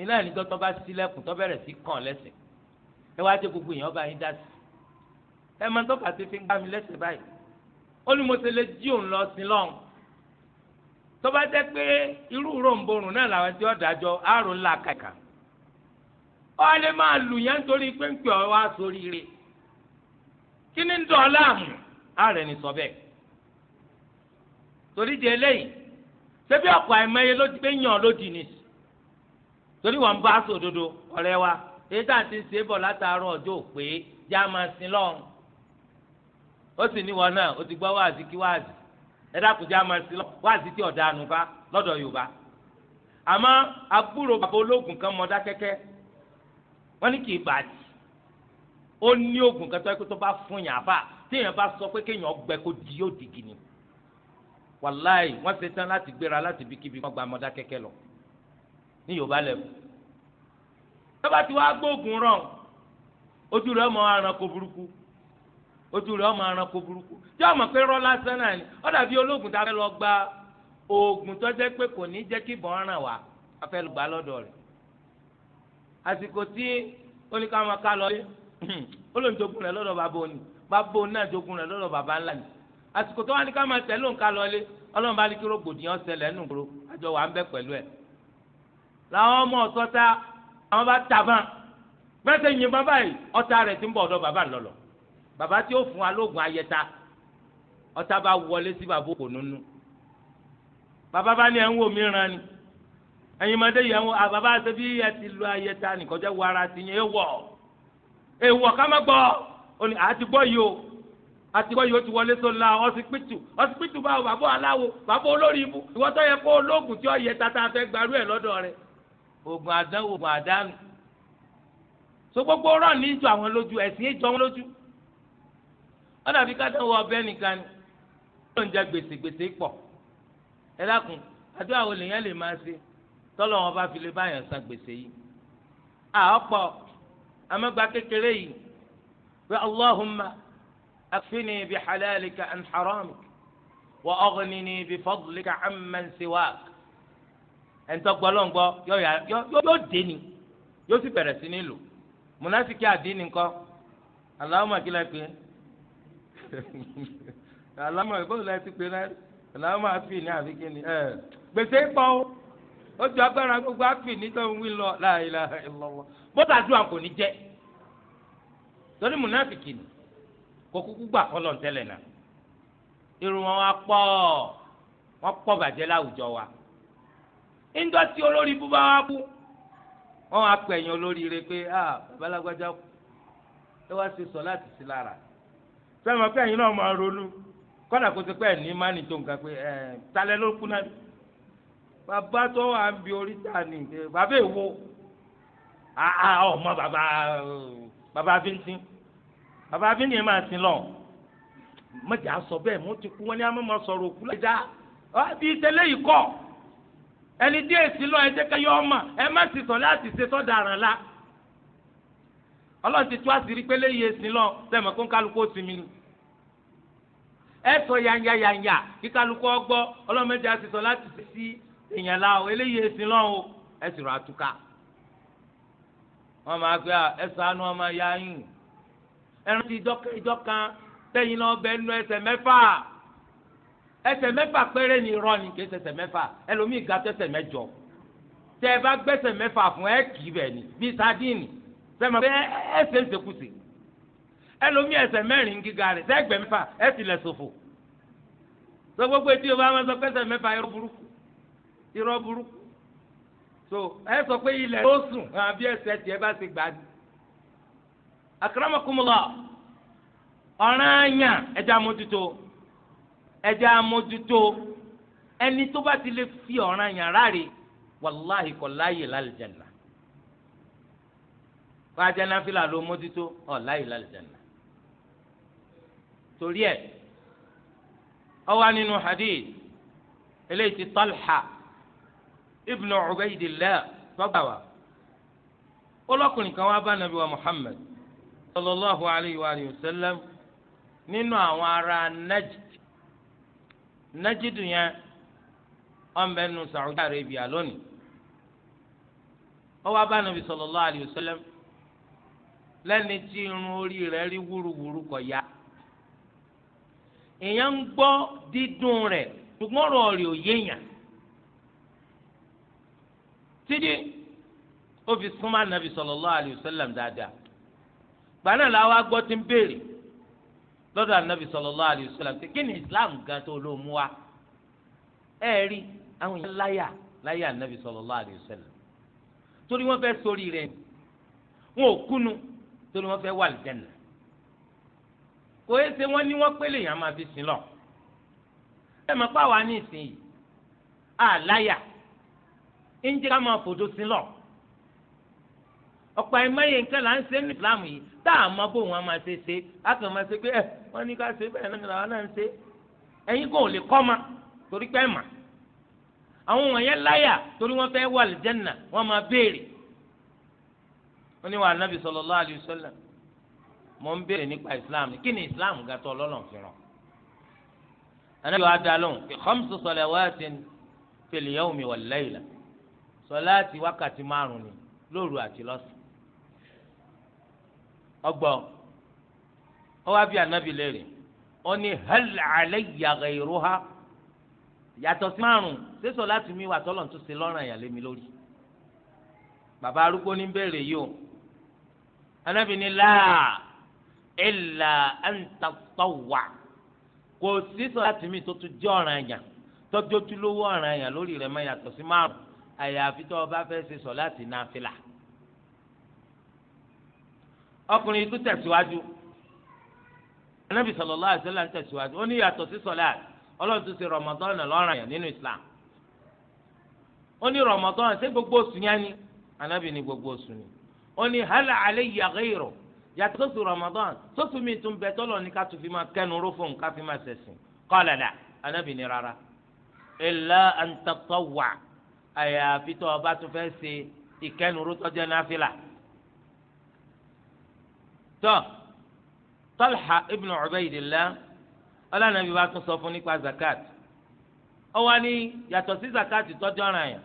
iná ìníjọ́ tó bá sílẹ̀kùn tó bẹ̀rẹ̀ sí kàn lẹ́sìn ẹ wá jẹ gbogbo èèyàn ọba yín dá ẹ máa tọ́ka sí fi ń gbá mi lẹ́sẹ̀ báyìí ó ní mo lè jí òun lọ sí lọ́hùn tó bá jẹ́ pé irú ròǹborùn náà làwọn tí ó àrùn ńlá kàkà ó lè máa lù yẹn nítorí pé ń pè ọ́ wá sórí kí ni sọ bẹ́ẹ̀ torí di eléyìí ọ̀pọ̀ àìmọye ló ti yàn lódì ni torí wọn bá aṣọ òdodo wa. èyí tá à ń ti ṣe é bọ̀ látàárọ̀ ọjọ́ òpè já máa sin lọ́n ó sì ní wọn náà ó ti gbọ́ wáàzì kí wáàzì ẹ dákun já máa sin wáàzì tí ọ̀dà ànú lọ́dọ̀ Yorùbá àmọ́ àbúrò bàbá ológun kan mọ dákẹ́kẹ́ wọ́n ní kì í bàjẹ́ kan tó yẹ di yóò wàláì wọ́n ṣe tán láti gbéra láti wọ́n gba mọ́dákẹ́kẹ́ lọ ní Yorùbá tọ́ba ti wá gbóògùn rọ̀ ojú rẹ̀ ọmọ aranko burúkú ojú rẹ̀ ọmọ aranko burúkú tí ọmọ pé rọ́ lásán náà ni ó dàbí olóògùn tá a fẹ́ lọ gba oògùn tó jẹ́ pé kò ní jẹ́ kí ìbọn ràn wá a fẹ́ gbà lọ́dọ̀ rẹ̀ àsìkò tí oníkàwọn ká lọ yé olóńjogún rẹ̀ lọ́dọ̀ bàbá òní bàbá òní náà jogún rẹ̀ lọ́dọ̀ bàbá ńlá ni àsìkò tó wá ní ká máa tẹ̀lé òǹkà lọlé ọlọ́run bá ní kí rògbòdìyàn ṣẹlẹ̀ nù gbòòrò àjọ ń bẹ pẹ̀lú ẹ̀. làwọn ọmọ ọ̀sọ́ta àwọn bá tàbá gbẹ́sẹ̀ yin bàbá yìí ọ̀tá rẹ̀ ti ń bọ̀ ọ̀dọ̀ bàbá ńlọlọ bàbá tí ó fún alóògùn ayẹta ọ̀tá bá wọlé sí bàbá òkò nínú bàbá bá ní ẹ̀ ń wò mìíràn ni ẹ̀yin máa dé yẹn ń wò àbàbá ṣe bí ẹ ti lu ayẹta nìkọjá wọ ara ti yẹn wọ̀ èèwọ̀ ká má gbọ́ ọ ní àti gbọ́ yìí o àti gbọ́ yìí o ti wọlé tó la ọsibítù ọsibítù báwo bàbá aláwo bàbá olórí ibu ìwọ́tọ̀ yẹ kó olóògùn tí ó yẹ tata fẹ́ gbarú ẹ̀ lọ́dọ̀ rẹ̀ oògùn àdánwò oògùn àdánù so gbogbo ọ̀rọ̀ ní ìjọ àwọn lójú ẹ̀sìn ìjọ wọn lójú wọn dàbí ká dánwò ọbẹ̀ nìkan ni wọn jẹ gbèsè gbèsè pọ̀ ẹ dákun àdúrà wo lèyàn lè máa ṣe tọ́lọ̀ wọn bá fi lè báyàn san gbèsè yìí àọ́pọ̀ amẹ́gbà kékeré yìí pé allahumma akfini bi halalika an haramika wa aghnini bi fadlika amman ẹnitọgbọ lọngbọ yóò dé ni yóò sì bẹ̀rẹ̀ sí ní lò múnásìkí àdínì kọ aláwọmọ kí lẹ pé aláwọmọ [LAUGHS] ìbọn lẹ ti pé náà àfi ní àfi kí ni gbèsè ó ju agbára gbogbo àfi nítorí wí lọ láìla ńjọ́ tí olórí ibú bá wá kú wọ́n á pè yín olórí rẹ pé ah babalágbájá kú ẹ wá ṣe sọ láti sí lára sẹ́ni mo pé ẹ̀yin náà máa ronú kọ́nà kó ti pẹ́ ẹ̀ ní mánì tó nǹkan pé ẹ̀ eh, talẹ́ ló kú náà bàbá tó wà ń bi orí ta ni bàbá èwo àà ọmọ bàbá bàbá bíntín bàbá bíntín máa sin lọ mọ̀jà sọ bẹ́ẹ̀ mo ti kú wọn ní amọ̀ sọ̀rọ̀ òkú lẹ́jà bí tẹ́lẹ̀ yìí kọ́. ẹni díẹ̀ sí lọ ẹ jẹ́ yọ ọmọ ẹ má sì sọ láti ṣe la ọlọ́run ti tú àṣírí pé léyìí èsì lọ sẹ́mi kó kálukú ó sinmi ni ẹ sọ yanya yanya kí kálukú ọgbọ́ ọlọ́run méjì á sọ láti ṣe sí èèyàn la o eléyìí èsì lọ o ẹ sì wọn ya yín ẹran ìjọ kan náà ẹsẹ̀ mẹ́fà péré ni irọ́ ni kì í ṣẹsẹ̀ mẹ́fà ẹlòmíì ga tẹsẹ̀ mẹ́jọ tẹ ẹ bá gbẹ́sẹ̀ mẹ́fà fún ẹ kì í bẹ̀ ni bíi sadíìnì sẹ́mi pé ẹsẹ̀ ń sekúsè ẹlòmíì ẹsẹ̀ mẹ́rin gíga rẹ̀ sẹ́gbẹ̀ mẹ́fà ẹ sì lẹ̀ sọ gbogbo etí o bá wọn sọ pẹ́sẹ̀ mẹ́fà irọ́ burúkú irọ́ burúkú so ẹ sọ pé ilẹ̀ ló sùn àbí ẹsẹ̀ tiẹ̀ bá ti gbà ní. àkàràmọ̀kùnmọ̀lá ọ̀ràn àyàn ẹja mójútó ẹjẹ amójútó ẹni tó bá ti lè fi ọ̀ràn yàrá rè wàláhì kò láàyè lálùjẹ̀nà bá a jẹ́ náfìlà ló mójútó ọ̀ láàyè lálùjẹ̀nà torí ẹ̀ ó wà nínú hadith eléyìí ti Talha ibnu Ubaydillah tọ́gbà wa olókùnrin kan wá bá nàbí wa Muhammad sallallahu alayhi wa sallam nínú àwọn ará Najd. najidu yẹn ọmọbẹ nù Saudi Arabia lónìí ó wá bá nàbì sallallahu alayhi wa tí irun orí rẹ̀ rí wúruwúru kọ ya èèyàn ń gbọ́ dídùn rẹ̀ ṣùgbọ́n ọ̀rọ̀ rẹ̀ ò yéèyàn títí ó fi súnmọ́ nàbì sallallahu alayhi dáadáa làwọn lọ́dọ̀ anabi sallallahu alayhi pé islam gan tó ló mú wa ẹ rí àwọn èèyàn láyà láyà anabi sallallahu alayhi torí wọ́n fẹ́ sórí rẹ̀ wọn ò kúnu torí wọ́n fẹ́ wà lìjẹnà kò é ṣe wọ́n ní wọ́n pélé yàn máa fi sin lọ ẹ ni pàwọn á ní ìsìn à láyà ń jẹ́ ká máa fòdó sin lọ ọ̀pọ̀ tá a mọ bó wọn máa ṣe ṣe á kàn máa ṣe pé ẹ wọn ní ká ṣe bẹ́ẹ̀ náà làwọn náà ń ṣe ẹ̀yin kò lè kọ́ ma torí pé mà àwọn wọ̀nyẹn láyà torí wọ́n fẹ́ wà lìjẹ́nà wọ́n máa béèrè wọ́n ní wà ànábì sallallahu alaihi wasallam mọ̀ ń béèrè nípa islam kí ni islam ga tó ọlọ́run fi ràn ànábì wa dá lóhùn khamsu salawatin fil yawmi wal layla sọláàtì wákàtí márùn ni lóru àti lọ́sàn ọgbọ́n ó wá bí anabi léèrè ó ní hal alayya ghayruha yàtọ̀ sí márùn sẹ́sọ̀ láti mi wà tọ́lọ̀ tó ṣe lọ́rùn àyàlẹ́ mi lórí bàbá arúgbó ní bèrè yìí o anabi ní láà illa an tatawwa kò sísọ̀ láti mi tó tún jẹ́ ọ̀ràn àyà tọ́jú ojúlówó ọ̀ràn àyà lórí rẹ̀ mọ́ yàtọ̀ sí márùn àyàfi tó o bá fẹ́ ṣe láti náà fi là ọkùnrin ikú tẹ̀síwájú anabi sallallahu alaihi wasallam tẹ̀síwájú ó ní yàtọ̀ sí sọlá Ọlọ́run tún ṣe Ramadan lọ́ràn yẹn nínú Islam ó ní Ramadan ṣé gbogbo oṣù yẹn ni anabi ní gbogbo oṣù ni ó ní hàlà alẹ́ yàgé ìrọ̀ yàtọ̀ sí Ramadan sọ́tù mi tún bẹ tọ́lọ̀ ní ká tún fi máa kẹ́nu rófò nǹkan fi máa ṣẹ̀sìn qala la anabi ní rárá illa an tatawwa àyàfi tó bá tún fẹ́ ṣe ìkẹ́nu rótọ́jẹ́ náfìlà tọ́ Talha ibn Ubaydillah ọlànàbí wa tún sọ fún nípa zakat ọwọ́ ni yàtọ̀ sí zakat tọ́jú ọ̀ràn yẹn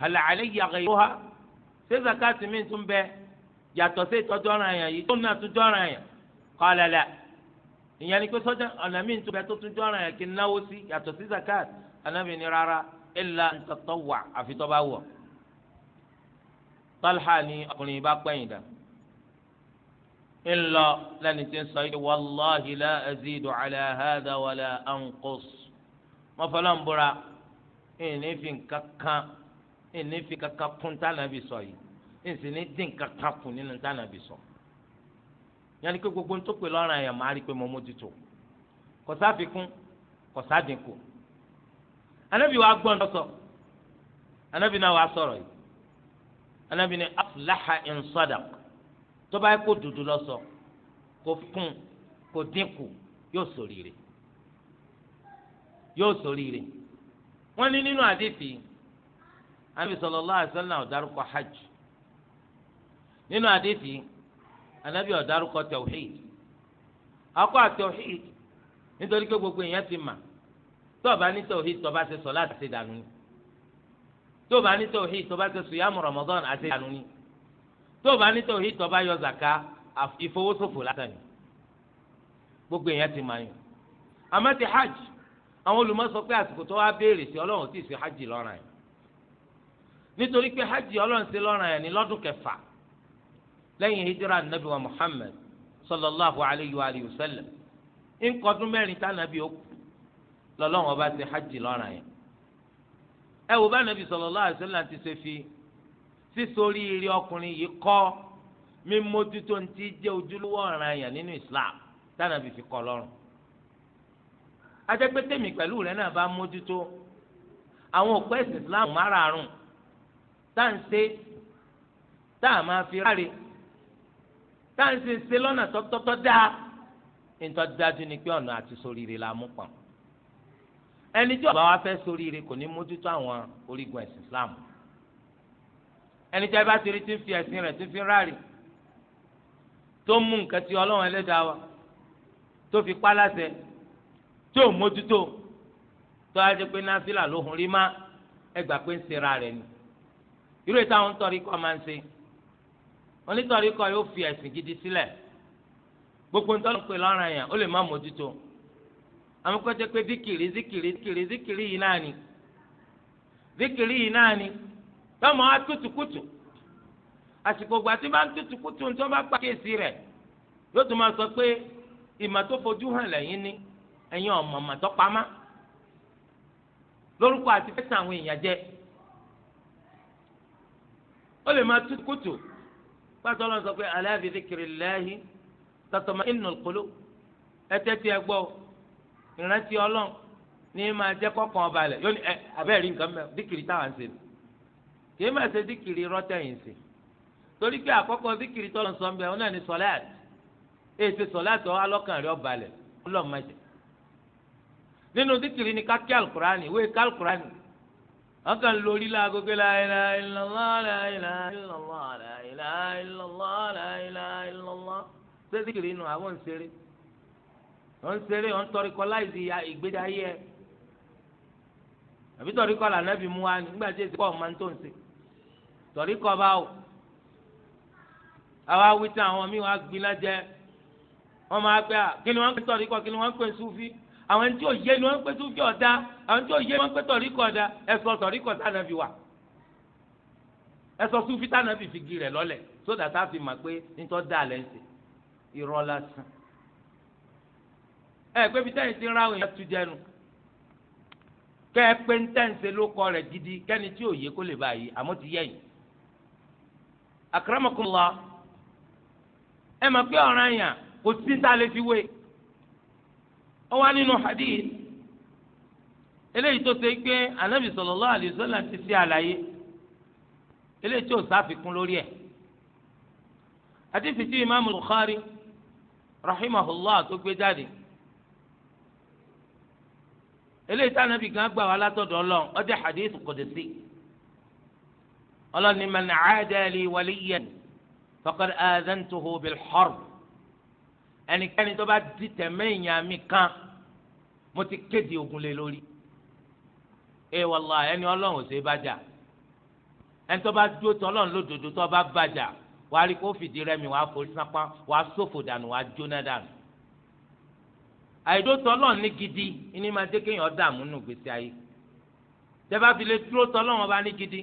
hàlẹ́ àlẹ́ yàgẹ̀ yóò ha ṣé zakat mi tún bẹ yàtọ̀ sí tọ́jú ọ̀ràn yẹn yìí tó náà tún jọ́ ọ̀ràn yẹn qala la ìyẹn ni pé sọ́jà ọ̀nà mi tún bẹ tó tún jọ́ ọ̀ràn yẹn kí n náwó sí yàtọ̀ sí zakat anábì ni rárá illa an tatawwa àfitọ́ bá wọ̀ Talha ni ọkùnrin bá pẹ́yìn dáa ńlọ lẹ́ni tí ń sọ yìí wàláhi la azidu ala hada wala anqus mọ́fọ́lọ́mbura ìní fi kankan ìní fi kankan kún tánàbì sọ yìí ìsì ní dín kankan kún nínú tánàbì sọ yanni pé gbogbo ntó pè lọ́rùn àyàn máa rí i pé mo mójútó kò sáfikún kò sádínkù anabi wa gbọ́n dọ́sọ̀ anabi náà wa sọ̀rọ̀ yìí anabi ní aflaha in sadaq. tọ́ba yẹ kó dúdú lọ sọ kó kún kó dínkù yóò ni yóò ṣoríire wọ́n ní nínú àdìsí Ànábì sallallahu hajj nínú àdìsí Ànábì ó dárúkọ tawhid akọ nítorí pé gbogbo èèyàn ti mà tọ́ba ní tawhid tọ́ba ṣe sọ láti ṣe dànù ni tọ́ba ní tọ́ba ṣe Ramadan àti dànù tó o bá ní tòhí tó o bá yọ zaka ìfowósòfò látàn yìí gbogbo èèyàn ti máa yàn àmọ́ ti hajj àwọn olùmọ̀ pé àsìkò tó wá béèrè sí ọlọ́run tí ì sí hajj lọ́ràn yẹn nítorí pé hajj ọlọ́run sí lọ́ràn yẹn lọ́dún kẹfà lẹ́yìn nabi wa muhammed alayhi wa wa sallam nkọdún mẹ́rin tá lọ́lọ́run hajj lọ́ràn yẹn ẹ wò bá sallallahu alayhi ṣe fi. sísorí ire ọkùnrin yìí kọ́ mímójútó ntí jẹ́ ojúlówó ọ̀ràn àyàn nínú Islam tánà fífi kọ́ lọ́rùn ajẹ́pẹ́ tèmi pẹ̀lú rẹ̀ náà bá mójútó àwọn òpó ẹ̀sìn Islam márààrún tá à ń ṣe tá a máa fi ráre tá à ń ṣe ṣe lọ́nà tọ́tọ́tọ́ dáa ntọ́ dájú ni pé ọ̀nà àti soríire la mú pọ̀n ẹni tí ó wa fẹ́ soríire kò ní mójútó àwọn orígun ẹ̀sìn Islam ẹni tí bá ti ti fi ẹ̀sìn ti fi ráàlì tó mú nǹkan ti ọlọ́run ẹlẹ́dàá fi pálásẹ tó mójútó tó a jẹ pé násìlà ló hùn rí má ẹgbà pé ń sera rẹ̀ ni irú tọrí kọ máa ń ṣe onítọ̀rí kọ yóò fi esi gidi sílẹ̀ gbogbo ndọrọ pé lọ́ràn yẹn ó lè má mójútó àwọn zikiri zikiri zikiri zikiri yìí náà ni tọmọ atutukutu àsìkò ìgbà tí bá ń tutukutu ní tí wọn bá pa kéèsì rẹ yóò tún máa sọ pé ìmọ̀ tó fojú hàn lẹ́yìn ní ẹ̀yin ọ̀mọ̀ mà tó pamá lórúkọ àti fẹsẹ̀ àwọn èèyàn jẹ ó lè máa tutukutu pàtó lọ sọ pé ala bi zikrillahi tatma'innul qulub ẹtẹ tí gbọ́ ìrántí Ọlọ́run ní máa jẹ́ kọ́kàn ọba rẹ̀ yóò ní ẹ abẹ́rẹ́ nǹkan mẹ́rin díkìrì táwọn ṣe ni. kìí máa ṣe díkìrì rọ́tẹ̀yìn sí torí pé àkọ́kọ́ díkìrì tọ́lọ̀ sọ bẹ́ẹ̀ ọ̀nà ni sọ̀láàtì èsì sọ̀láàtì ọ̀ alọ́kàn rẹ̀ ọ̀balẹ̀ ọlọ́mọdé nínú díkìrì ni kákí alukurani wéé ká wọn kàn lórí laago pé la ilaha illallah la ilaha illallah la ilaha illallah la ilaha illallah ṣé díkìrì nù àwọn ń ṣeré wọn ń ṣeré wọn ń tọrí kọ láìsí ìgbéda yẹ àbí tọrí kọ lànà bí mu wa nígbà tí èsì pọ̀ máa ń tó ń ṣe. tọ̀rí kọba o àwa wí tí àwọn míì wá gbin lájẹ wọn máa pẹ́ à kí ni wọ́n ń pè tọ̀rí kọ kí ni wọ́n ń pè súfì àwọn tí ò yé ni wọ́n ń pè súfì ọ̀dá àwọn tí ò yé ni wọ́n ń pè tọ̀rí kọ ọ̀dá ẹ̀sọ́ tọ̀rí kọ sáà nàbì wà ẹ̀sọ́ súfì sáà nàbì fi gi rẹ̀ lọ́lẹ̀ sódà tá a fi mà pé nítọ́ dá lẹ́ ṣe irọ́ lásán ẹ pé bí tẹ́yìn ti ń ráwìn yẹn tu jẹnu kẹ́ ẹ pé ń tẹ́yìn ṣe ló rẹ̀ gidi kẹ́ni tí ò yé kó lè báyìí àmọ́ ti yẹ̀yìn akramakumullah ẹ mọ̀ pé ọ̀ràn yàn kò sí tá a lè fi wé ọ wá nínú hadith eléyìí tó ṣe pé anabi sallallahu alaihi wasallam ti ṣe àlàyé eléyìí tí ò sáfikún lórí ẹ̀ àdìsí tí imaamu bukhari rahimahullah tó gbé jáde eléyìí tí anabi gan gbà wá látọ̀dọ̀ ọlọ́run ó jẹ́ hadith qudsi ọlọ́ni man aadali waliyan faqad aazantuhu bil harb ẹnikẹ́ni tó bá di tẹ̀mẹ́ ìyàmí kan mo ti kéde ogun lé lórí ẹ wàllá ẹni ọlọ́run ò ṣe bàjá ẹni tó bá dúró tọ́ ọlọ́run lódodo tó bá bàjá wàá rí kó fìdí rẹmi wàá forí sápá wàá sófò dànù wàá jóná dànù àìdótọ́ ọlọ́run ní gidi ìní máa jẹ́ kéèyàn dààmú nù gbèsè ayé tẹ́ bá fi lè dúró tọ́ ọlọ́run ọba ní gidi.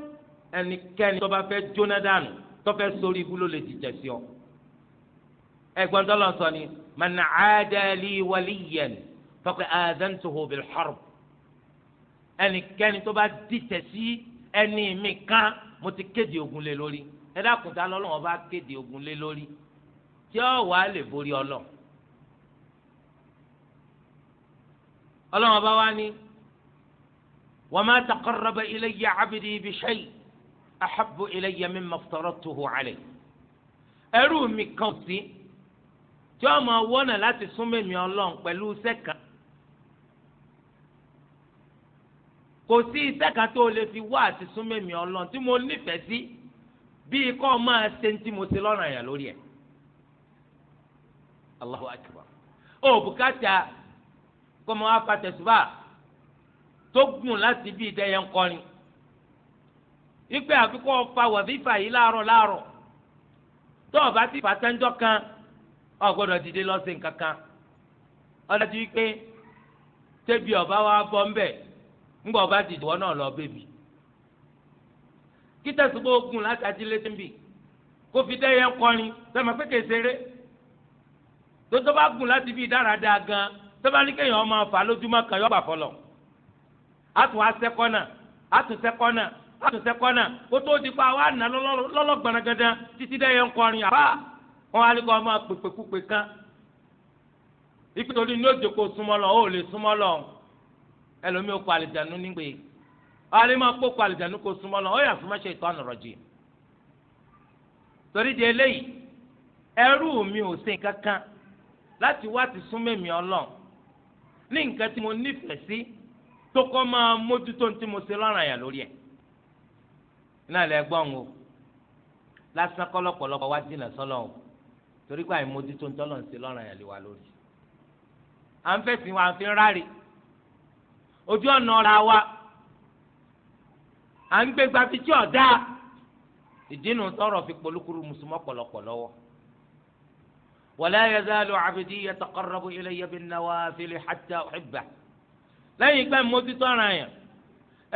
ẹnikẹ́ni tó bá fẹ́ jóná dànù tó fẹ́ sórí ibú ló lè jìjẹ sí ọ. ẹ̀gbọ́n tó lọ sọ ni man aadali waliyan faqad aadantuhu bil harb ẹnikẹ́ni tó bá dìtẹ̀ sí ẹni mi kan mo ti kéde ogun lé lórí ẹ dákun tá lọ́lọ́wọ́ bá kéde ogun lé lórí tí ó wà lè borí ọlọ́ ọlọ́wọ́ bá wá ní wa ma taqarraba ilayya abdi bi shay' ahabbu ilayya mimma aftaratuhu alayhi ẹrú mi kan sí tí wọn máa wọnà láti súnmọ́ mi Ọlọ́run pẹ̀lú iṣẹ́ kan kò sí iṣẹ́ kan tó lè fi wá àti súnmọ́ mi Ọlọ́run tí mo nífẹ̀ẹ́ sí bíi kọ́ máa ṣe ní tí mo ti lọ́rùn àyà lórí ẹ̀ Allahu akbar ó bùkátà kọ́ máa fa tó gùn láti bí ìdẹ́yẹ ń kọrin. ipe àfikún ọ̀fà wàfífà yìí láàárọ̀ láàárọ̀ tó o bá ti fàtẹ́ńjọ́ kan o gbọ́dọ̀ dìde lọ́sìn kankan ọ̀dájú pé tẹ́bi ọba wa bọ ńbẹ̀ ńgbà ọba dìde wọn náà lọ bẹ́bi kí tẹ̀sùn bó láti ajílẹ̀ tó ń bì kó fi dẹ́yẹ kọrin sẹ́mi pé kèé ṣeré bá gùn láti gan ní kéèyàn kan gbà sọsẹ kọ́nà kó tó di pa wà nà lọ́lọ́ gbanagadá títí dẹ́ yẹn kọrin àbá wọn wá ní pèpèkúpè kán ipe torí ní òjò kò súnmọ́ lọ ó lè súnmọ́ lọ ẹlòmíì kọ àlìjánu nígbè wàhálì kó kọ àlìjánu kò súnmọ́ lọ ó yà ìtọ́ di eléyìí ẹrú mi ò ṣe láti wá ti súnmẹ́mi ọlọ́run ní nǹkan tí mo nífẹ̀ẹ́ sí tó kọ́ máa náà lẹ gbọ́n o lásán kọ́lọ́pọ̀lọpọ̀ wá jìnnà sọ́lọ́ o torí pé àìmójútó ń tọ́lọ̀ ń ṣe lọ́ràn yẹn lè wà lórí. à ń fẹ̀sìn wa fi ń ráre ojú ọ̀nà ọ̀ra wa à ń gbé gbafi tí ọ̀dá ìdínú tọrọ fi polúkúrú mùsùlùmọ́ pọ̀lọpọ̀ lọ́wọ́. wala yazalu abdi yataqarrabu ilayya bin nawafil hatta uhibbahu lẹ́yìn ìgbà mójútó ọ̀ràn yẹn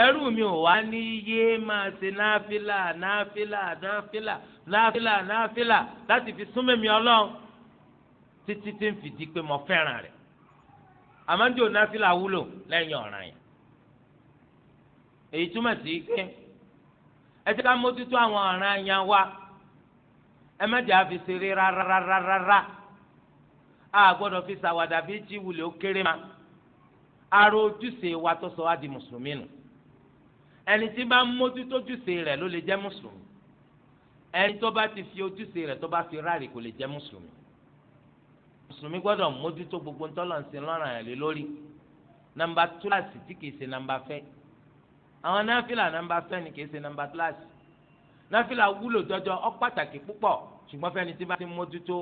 ẹrú mi ò wá ní yé máa ṣe náfìlà náfìlà náfìlà náfìlà náfìlà láti fi súnmẹ́mi ọlọ́run títí tí ń fìdí pé mo fẹ́ràn rẹ̀ àmọ́ ní wúlò lẹ́yìn ọ̀ràn yẹn èyí túmọ̀ sí pé ẹ ti ká mójútó àwọn ọ̀ràn yẹn wá ẹ a gbọ́dọ̀ fi ṣàwàdà bí tí ó kéré ma ara ojúṣe wa tó sọ di mùsùlùmí ẹni tí bá ń mójútó ojúṣe rẹ̀ ló lè jẹ́ mùsùlùmí ẹni tó bá ti fi ojúṣe rẹ̀ tó bá fi ráàlì kò lè jẹ́ mùsùlùmí mùsùlùmí gbọ́dọ̀ mójútó gbogbo ntọ́lọ̀ ń sin lọ́rùn àyàn lé lórí nàmbà túláàsì tí kìí ṣe nàmbà fẹ́ àwọn náfìlà nàmbà fẹ́ ni kìí ṣe nàmbà túláàsì náfìlà wúlò jọjọ ó pàtàkì púpọ̀ ṣùgbọ́n fẹ́ni tí bá ti mójútó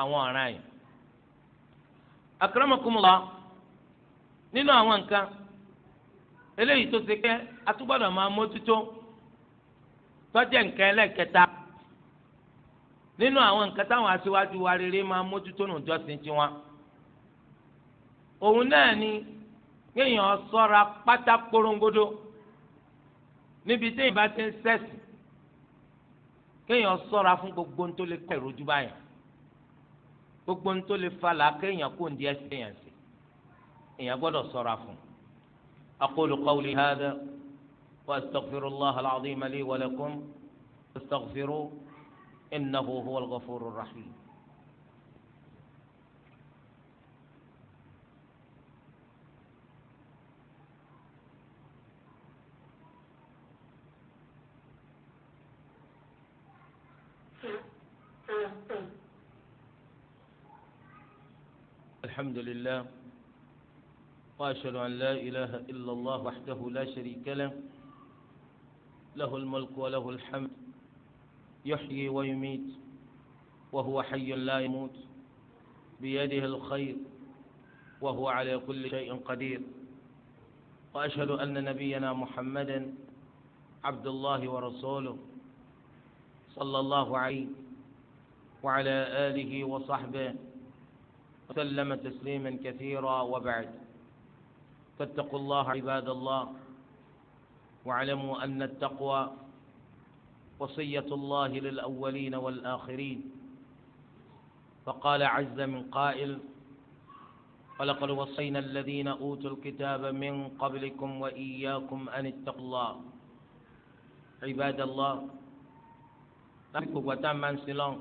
àwọn ọ̀ràn yìí. akramakumullah nínú àwọn nǹkan eléyìí tó ṣe pé atúgbọ́dọ̀ máa mójútó tọ́jẹ́ nǹkan ẹlẹ́kẹta nínú àwọn nǹkan táwọn aṣíwájú wa rere máa mójútó nù jọ́sìn tiwọn òun náà ni kéèyàn ṣọ́ra pátá korongodo níbi tí ìbá ti ń sẹ́sì kéèyàn ṣọ́ra fún gbogbo ohun tó lè kọ́ ìrojú báyìí gbogbo tó lè falà kéèyàn kó ń di ẹsẹ̀ yẹn sí èèyàn gbọ́dọ̀ ṣọ́ra fún un أقول قولي هذا وأستغفر الله العظيم لي ولكم استغفروا إنه هو الغفور الرحيم hmm. Hmm. Hmm. الحمد لله وأشهد أن لا إله إلا الله وحده لا شريك له له الملك وله الحمد يحيي ويميت وهو حي لا يموت بيده الخير وهو على كل شيء قدير وأشهد أن نبينا محمدا عبد الله ورسوله صلى الله عليه وعلى آله وصحبه وسلم تسليما كثيرا وبعد فاتقوا الله عباد الله واعلموا أن التقوى وصية الله للأولين والآخرين فقال عز من قائل ولقد وصينا الذين أوتوا الكتاب من قبلكم وإياكم أن اتقوا الله عباد الله lásìkò gbàtà máa سلام sin lọ́n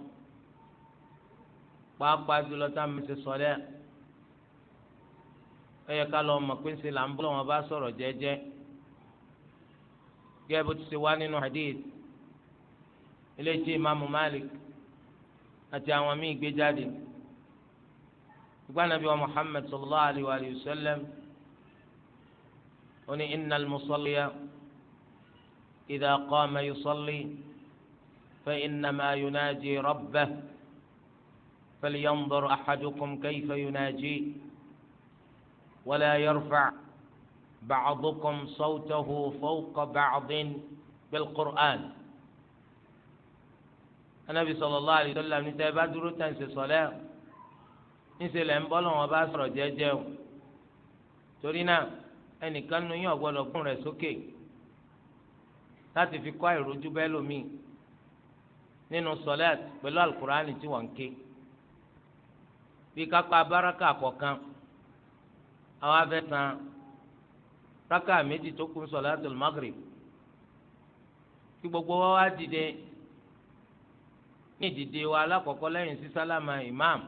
pàápàá jùlọ ẹyẹ ká lọ mọ̀ pé ń ṣe là ń bọ́ lọ́wọ́ bá sọ̀rọ̀ jẹ́jẹ́ gẹ́gẹ́ bó ti ṣe wá nínú hadith iléeṣẹ́ imaamu malik àti àwọn míì gbé jáde ìgbàna wa muhammed sallallahu alayhi wa sallam ó ní inna al-musalliya idha qama yusalli fa innama yunaji rabbah falyanzur ahadukum kayfa yunaji. ولا يرفع بعضكم صوته فوق بعض بالقرآن النبي صلى الله عليه وسلم نتابع بادرو تنسي صلاة نسي لنبالون وباسر جاجو تورينا أني كانوا يوغوا لكم رسوكي láti fi kọ́ àìrójú bẹ́ẹ̀ lómi nínú sọlẹ́t pẹ̀lú alukur'ani tí wọ́n ń ké bí kápá abáraka àkọ́kàn àwọn afẹ́ san rákà méjì tó kún sọ̀látul Maghrib kí gbogbo wa wá dìde ní ìdìde wa alákọ̀ọ́kọ́ lẹ́yìn sí sálámà imam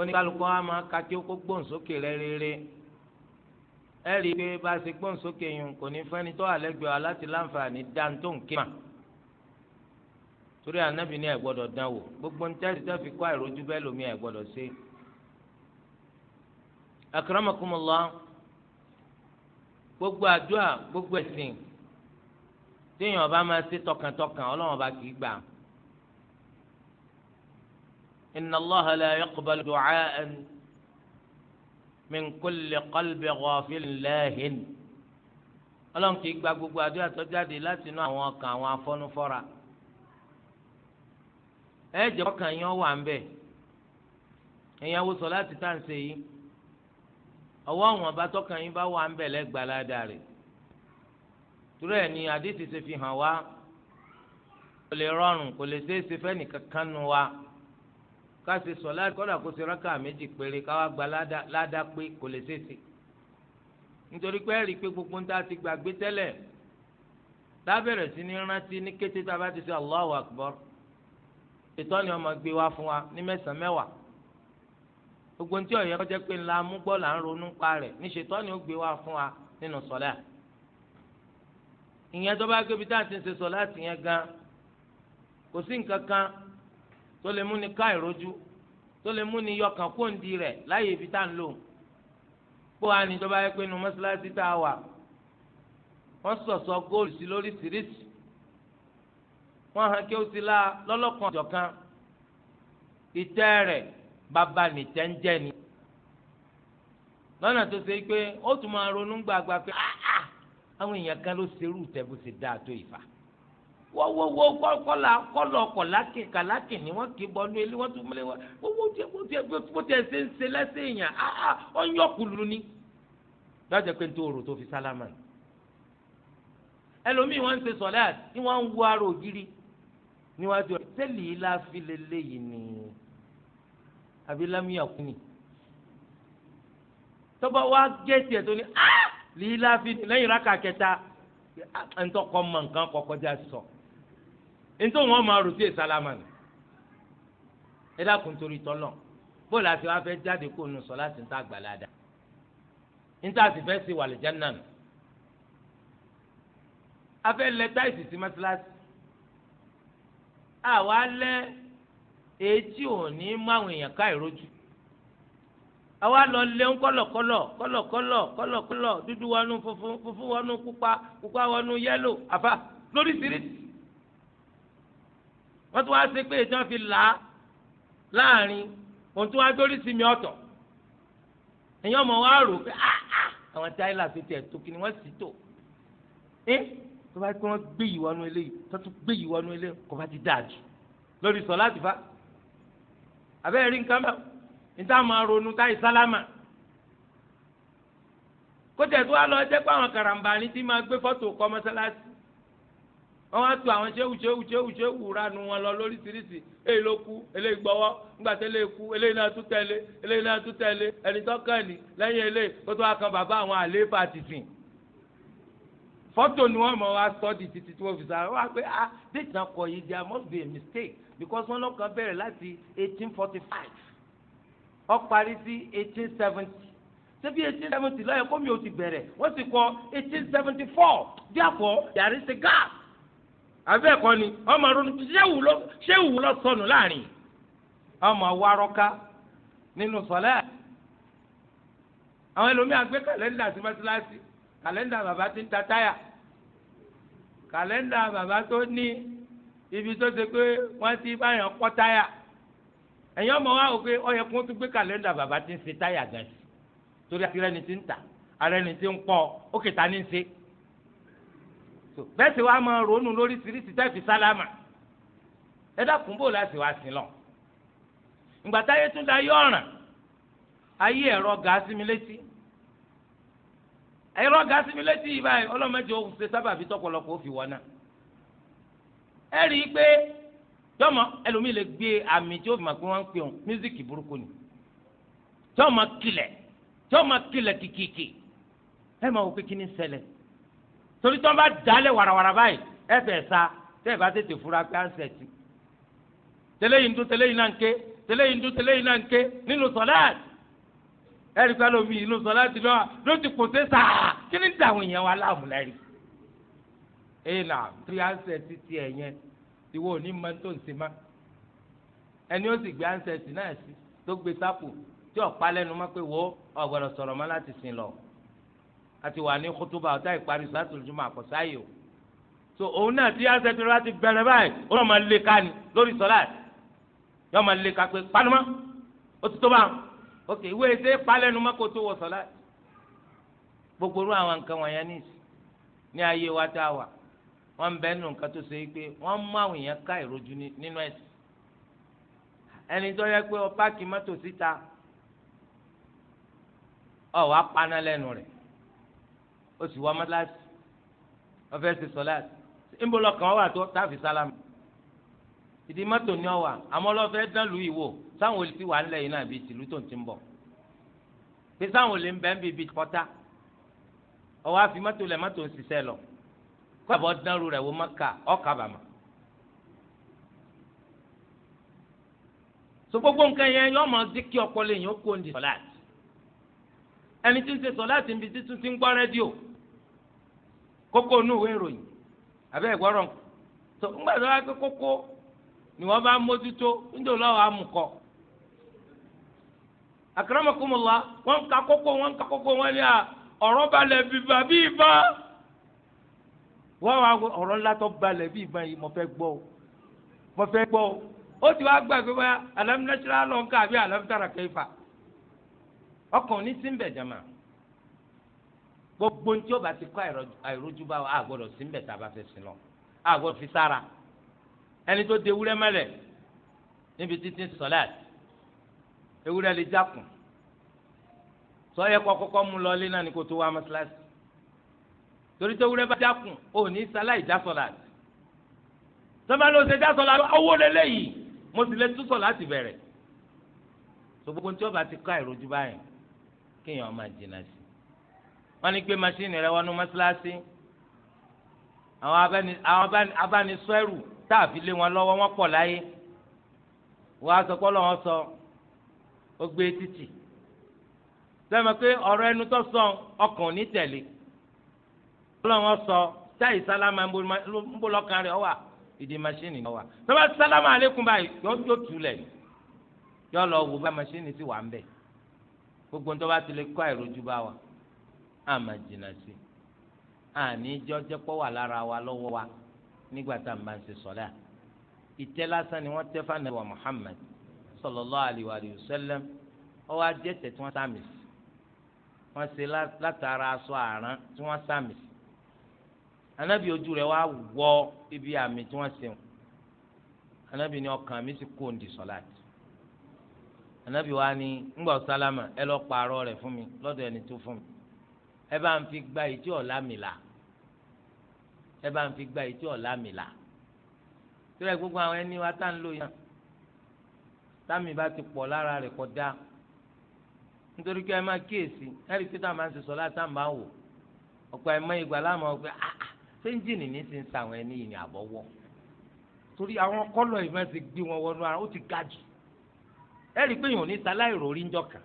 oníkálukọ́ wa máa ka kí ó kó gbóǹsókè rẹ rere ẹ rí i pé bá a ṣe gbóǹsókè yìí kò ní fẹ́ni tó àlẹ́gbẹ̀ẹ́ wa láti láǹfààní dáńtó nkíma torí ànábì ní ẹ gbọ́dọ̀ dánwò gbogbo ní tẹ́sí fi kọ́ àìrójú bẹ́ẹ̀ lómi ẹ gbọ́dọ̀ ṣe é akramakumullah gbogbo àdúrà gbogbo ẹ̀sìn téèyàn bá máa ṣe tọkàntọkàn ọlọ́run bá kì í gbà. inna Allaha la yaqbalu du'a'an min kulli qalbi ghafilin lahin. ọlọ́run kì í gba gbogbo àdúrà tó jáde láti inú àwọn ọkàn àwọn afọ́nufọ́ra. ẹ jẹ́ ọkàn yẹn wà ń bẹ̀. ẹ̀yin awo sọ láti tá à ń ṣe yìí ọwọ́ àwọn ọba tọkàn yín bá wà ń bẹ̀ lẹ́gbàá ládàá rẹ̀ turẹ̀ ni àdìsí ṣe fi hàn wá kò lè rọrùn kò lè ṣeé ṣe fẹ́ni kankan nu wa ká ṣe sọ láti kọ́dà kó ṣe rákà méjì péré ká wá gba ládàá pé kò lè ṣeé ṣe nítorí pé ẹ̀rí pé gbogbo ń ta ti gbàgbé tẹ́lẹ̀ tábẹ̀rẹ̀ sí ní rántí ní kété tá a bá ti ṣe Allahu Akbar ìtọ́ni ọmọ gbé wá fún wa ní mẹ́sàn-án mẹ́wàá gbogbo ntí ọ̀yẹ́ kọjá pé ńlá amúgbọ́ là ń ronú pa rẹ̀ níṣẹ́ tó ni ó gbé wá fún wa nínú sọ́lá ìyẹn tó bá gbébi tá à ti ń ṣe sọ́lá ti yẹn gan kò sí nǹkan kan tó lè mú ni ká ìrojú tó lè mú ni yọkàn kó ń di rẹ̀ láyé ibi tá à ń lò kó wa ni tó bá yẹ pé nu mọ́ṣáláṣí tá a wà wọ́n sọ̀sọ̀ góòlù sí lóríṣiríṣi wọ́n hàn kí ó ti la lọ́lọ́kan ọ̀jọ̀kan ìtẹ́ rẹ̀ bàbá ní jẹ́ńjẹ́ ni lọ́nà tó ṣe pé ó tún máa ronú gbàgbà pé áá ah, ah, àwọn èèyàn kan ló ṣerú tẹ́bù sí dáa tó ìfà wọ́wọ́wọ́ kọ́lá kọ́lọ̀ ọkọ̀ lákè kàlákè ni wọ́n kì í bọ́nú ilé wọ́n tún múlẹ̀ wọ́n wọ́n tiẹ̀ wọ́n tiẹ̀ wọ́n tiẹ̀ ṣe ń ṣe lẹ́sẹ̀ èèyàn áá ah, ó ń yọkùlù ni lọ́jọ́ pé nítorí òrò tó fi sálámà ni ẹlòmíì wọ́n ń ṣe sọ̀lá ni wọ́n ń wo ara ògiri níwájú ọ̀ tẹ́lẹ̀ yìí láfi lélẹ́yìí ni àbí lámìyà kú ni tọ́ba wa gẹ̀ẹ́sì ẹ̀ tó ní lílá fi lẹ́yìn rákà kẹta ntọ́kọ mọ nǹkan kọ́kọ́ já sọ ntọ́ wọn máa rò sí ìsálámà ni ẹ dákun torí tọ́lọ̀ bóòlù àti wàá fẹ́ jáde kó nu sọ láti ntá àgbàládà ntá àti fẹ́ sí wàlìjá náà nù afẹ́ lẹ táìsì sí àwa lẹ́ etí ò ní mú àwọn èèyàn ká ìrójú àwa lọ léun kọlọkọlọ kọlọkọlọ kọlọkọlọ dúdú wọnú funfun funfun wọnú pupa pupa wọnú yẹlò àfa lóríṣiríṣi wọ́n tún wá sí pé ìtàn fi là á láàrin òun tún wá dóríṣi mi ọ̀tọ̀ èèyàn mọ̀ wá rò pé ah, ah, àwọn táyìlà fi tẹ̀ tó kí ni wọ́n sì tò ẹ́ tó bá pé wọ́n gbé ìwọ́nú eléyìí tó tún gbé ìwọ́nú eléyìí kò bá ti dáa jù lórí sọ láti fa abẹ́rẹ́ rí nǹkan mọ́ níta máa ronú táyì sálámà kóòtù tó wá lọ jẹ́ pé àwọn karambani ti máa gbé fọ́tò kọ́ mọ́sálásí wọ́n wá tu àwọn ṣéwù ṣéwù ṣéwù ṣéwù ranu wọn lọ lóríṣiríṣi èyí ló kú eléyìí gbọ́wọ́ nígbà tí eléyìí kú eléyìí náà tún tẹ̀lé eléyìí náà tún tẹ̀lé ẹni tó kàn ní lẹ́yìn eléyìí kó tó wá kan bàbá àwọn àlééfà tìsìn fọ́tò ni wọ́n mọ̀ wá sọ́ọ̀dì títí tí wọ́n fi sáré wá pé ah déjì náà kọ yìí there must be a mistake because wọn lọ́kàn bẹ̀rẹ̀ láti eighteen forty five ó parí sí eighteen seventy ṣebí eighteen seventy lọ́yẹ̀ kó mi ò ti bẹ̀rẹ̀ wọ́n sì kọ eighteen seventy four díàpọ̀ yàrá ṣe gáàsì àbẹ́ ẹ̀kọ́ ni ọmọ ronú ṣé ìwù lọ sọnù láàrin ọmọ wárọ́ká nínú sọlẹ́ àwọn ẹlòmíràn gbé kàlẹ́ndà sí mọ́sálásí kàlẹ́ndà bàbá ti ń ta táyà kàlẹ́ndà bàbá tó ní ibi tó ṣe pé wọ́n ti báyàn kọ́ táyà ẹ̀yin ọmọ wa wò pé ọyẹ kó tún gbé kàlẹ́ndà bàbá ti ń ṣe táyà gan sí torí àti rẹ́ni ti ń tà arẹ́ni ti ń pọ̀ ó kìtà ní í ṣe bẹ́ẹ̀ sì wá máa ronú lóríṣiríṣi tẹ́ẹ̀fì sálámà ẹ dákun bò láti wá sí lọ ìgbà táyé tún da yọ ọ̀ràn ayé ẹ̀rọ gàásì mi létí ẹ̀rọ gàásì mi létí yìí báyìí ọlọ́mọdé ó ṣe sábàbí tọ̀pọ̀lọpọ̀ ó fi wọ́n náà ẹ rí i pé jọmọ ẹlòmíì lè gbé àmì tí ó fi mà pé wọn ń pè ọ mísíkì burúkú ni jọmọ kilẹ̀ jọmọ kilẹ̀ kìkìkì ẹ máa wò pé kí ni ṣẹlẹ̀ torí tí wọn bá dalẹ̀ warawara báyìí ẹ fẹ́ sa tẹ́ ẹ bá tètè fura pé à ń sẹ̀tì tẹlẹyìn dún tẹlẹyìn náà ń ké tẹlẹyìn dún tẹlẹyìn náà ń ké nínú sọláàtì ẹ̀rí pé lómi nínú sọláàtì náà ló ti kò sé sáà kí ni dàwọn èèyàn wa láàmú lẹ́rìí èèlà three handset ti ẹ̀ yẹn ìwọ ò ní mọ tó ń ṣe má ẹni ó sì gbé handset náà sí tó gbé sápò tí ọ̀pá lẹ́nu má pé wo ọ̀gbọ̀dọ̀ sọ̀rọ̀ má láti sìn lọ àti wà ní kótóbà ọ̀tá ìparí sọ́tò lójúmọ́ àkọ́sáyò so òun náà tí handset rẹ bá ti bẹ̀rẹ̀ báyìí ó lọ́ọ́ máa lé ká ni lórí sọ́lá yọ́ọ́ máa lé ká pé panumọ́ ó ti tó bá ok ìwé ẹsẹ̀ palẹ́nu má kó tó wọ sọ́lá gbogbo irú àwọn nǹkan wọ̀nyẹn ní ayé wa tá a wà wọ́n bẹ nínú nǹkan tó ṣe é pé wọ́n mú àwọn èèyàn ká ìrojú nínú ẹ̀sìn ẹni tó yẹ pé ó páàkì mọ́tò síta ó wá paná lẹ́nu rẹ̀ ó sì wá mọ́tíláṣí ó fẹ́ ṣe sọ́láṣí níbo lọ́kàn wà tó táàfì sálámù ìdí mọ́tò ni ọ wà àmọ́ lọ́ fẹ́ ìwò sáwọn olè ti wà nílẹ̀ yìí náà bíi tìlú tó ń ti ń bọ̀ pé sáwọn olè ń bẹ́ẹ̀ bíi bíi pọ́tà ó wá fi mọ́tò lẹ̀ mọ́tò ń ṣiṣẹ́ lọ. pàbọ̀ dánrù rẹ̀ wò maka ọ̀kà bàmà. so gbogbo nǹkan yẹn yọ ọmọ dí kí ọpọlọ èèyàn kó ní sọláàtì ẹni tí ń ṣe sọláàtì títún ti ń gbọ́ rédíò kókó inú ìwé ìròyìn àbẹ́ ìgbọ́rọ̀ ń gbàdúrà pé kókó ni wọ́n bá mójútó lọ́wọ́ àkàràmọ̀kùnmọ̀lá wọ́n ń ka kókó wọ́n ń ka wọ́n wá ọ̀rọ̀ ńlá tó balẹ̀ bí ìbọn yìí mo fẹ́ gbọ́ o mo fẹ́ gbọ́ o ó ti wá gbà pé wá alam nashrah lọ́nkà àbí alam tara kayfa ọkàn ní sínbẹ̀ jama gbogbo ntí o bá ti kọ́ àìrójú bá wa àgbọ̀dọ̀ sínbẹ̀ tá a bá fẹ́ sin lọ àgbọ̀dọ̀ fi sára ẹni tó de ewúrẹ́ mẹ́lẹ̀ níbi títí sọ́láàt ewúrẹ́ lè jákùn sọ́yẹ́ kọ́ kọ́kọ́ mú lọ lé náà ní torí tó wúrẹ́ bá dákun ò ní sáláì dásọ̀lá sọ́mà ló ṣe dásọ̀lá owó lélẹ́yìí mo sì lè túsọ̀ láti bẹ̀rẹ̀ tó gbogbo tí ọba ti ká ìrojú báyìí kéèyàn máa jìnnà sí wọ́n ní pé masíìnì rẹ wọnú mọ́ṣáláṣí àwọn abánisọ ẹrù tá a fi lé wọn lọ́wọ́ wọn pọ̀ láyé wọ́n á sọ pé ọlọ́wọ́n sọ ó gbé títì sẹ́mi pé ọ̀rọ̀ ẹnu tó sọ ọkàn ò ní tẹ̀lé ọlọ́wọ́n sọ táyì sálámà ń bó lọ́kàn rẹ̀ ọ̀wà ìdí màṣíìnì ọ̀wà tọ́ba sálámà àlékún báyìí yọ yóò túlẹ̀ yọ lọ wò bá màṣíìnì sì wà ń bẹ̀ gbogbo tọ́ba ti lè kọ́ àìrójú bá wa á mà jìnnà sí àní jọ́jẹ́ pọ́ wà lára wa lọ́wọ́ wa nígbà tá a máa ń ṣe sọ́lá ìtẹ́ lásán ni wọ́n tẹ́ fáná wa Muhammad sallallahu alaihi wa sallam ọwọ́ ajẹ́tẹ̀ tí wọ́n sàmì sí wọ́n ṣe látara aṣọ àrán tí wọ́n sàmì anabi ojú rẹ̀ wá wọ ibi àmì tí wọ́n sèwọn anabi ni ọkàn mi si kó ndi sọláàtì anabi wa ni ngbọ sálámà ẹ lọ fún mi lọdọ ẹni tó fún mi ẹ bá ń fi gba ìtí ọ̀la mi là ẹ gbogbo àwọn ẹni wa tá ń lò yàn bá ti pọ̀ lára rẹ̀ kọ́ nítorí ẹ máa kíyèsí ẹ rí i pé táwọn máa ń sẹ́ńjìnì ní ti ń sa àwọn ẹni yìí ní àbọ̀wọ́ torí àwọn kọ́lọ̀ ìfẹ́ ti gbé wọn wọnú ara ó ti ga jù ẹ rí i pé èèyàn ò ní sa láìròrí ń jọkàn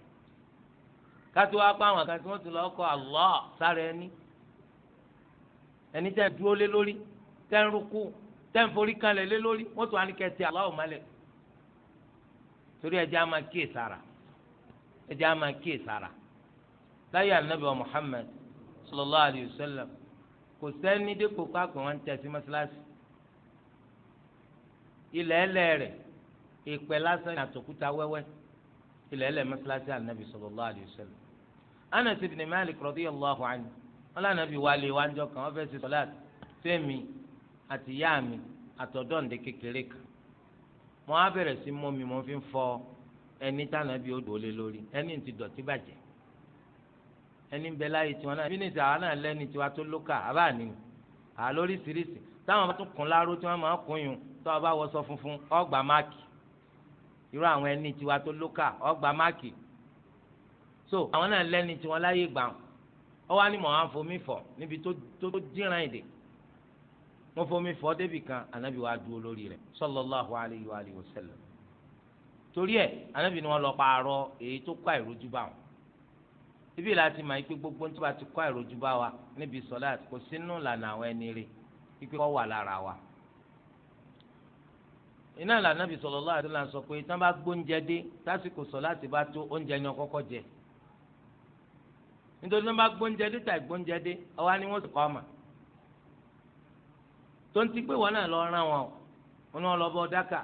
kátó wá pa àwọn kan ti lọ́ọ́ kọ́ Allah sára ẹni ẹni tẹ́ dúró lé lórí tẹ́ ń rúkú tẹ́ ń forí kanlẹ̀ lé lórí wọ́n tún wá ní kẹ́tì Allah òmálẹ̀ torí ẹ jẹ́ á máa kíyè sára ẹ jẹ́ á máa sára láyé ànábì Muhammad sallallahu alayhi wa kò sẹ́ni dépò káàpọ̀ wọn tẹ̀ sí mọ́ṣáláṣí ilẹ̀ ẹlẹ́ rẹ̀ ìpẹ́ lásán àtòkúta wẹ́wẹ́ ilẹ̀ ẹlẹ́ mọ́ṣáláṣí ànábì sallallahu alayhi wa sallam Anas ibn Malik radiyallahu anhu wọn lànàbì wà lè wá ńjọ kan wọn fẹ́ẹ́ ṣe sọlát fẹ́mi àti yá mi àtọ̀dọ́ǹde kékeré kan mo á bẹ̀rẹ̀ sí mọ́ mi mo fi ń fọ ẹni tànàbì odò ẹni ń bẹ láyé tiwọn náà mínísì àwa náà lẹ́ni tiwa tó lókà àbá ni àlóríṣiríṣi táwọn bá tún kún láró tí wọ́n máa kún yùn tó bá wọṣọ funfun ọgbà máàkì irú àwọn ẹni tiwa tó lókà ọgbà máàkì so àwọn náà lẹ́ni tiwọn láyé gbà ọ wá ní mọ̀ wọn fomi fọ̀ níbi tó tó dírán èdè wọn fomi fọ̀ débì kan ànábì wa dúró lórí rẹ̀ sallallahu alayhi wa sallam torí ẹ̀ ànábì ni wọ́n lọ pààrọ̀ èyí tó kọ àìrójú bá wọn ibi láti mọ̀ ikpe gbogbo nítorí àti kọ́ àìrojú bá wa níbi sọ́láàt kò sínú lànà àwọn ẹni rè ikpe kọ́ wà lára wa. iná lànà bí sallallahu alaihi wasallam sọ pé tí wọ́n bá gbóúnjẹ dé tásìkò sọ́láàt bá tó oúnjẹ ni wọ́n kọ́kọ́ jẹ nítorí wọ́n bá gbóúnjẹ dé tàì gbóúnjẹ dé ọwọ́ ni wọ́n sì ọmọ tó ń ti pé wọn náà lọ rán wọn wọn lọ bọ dáka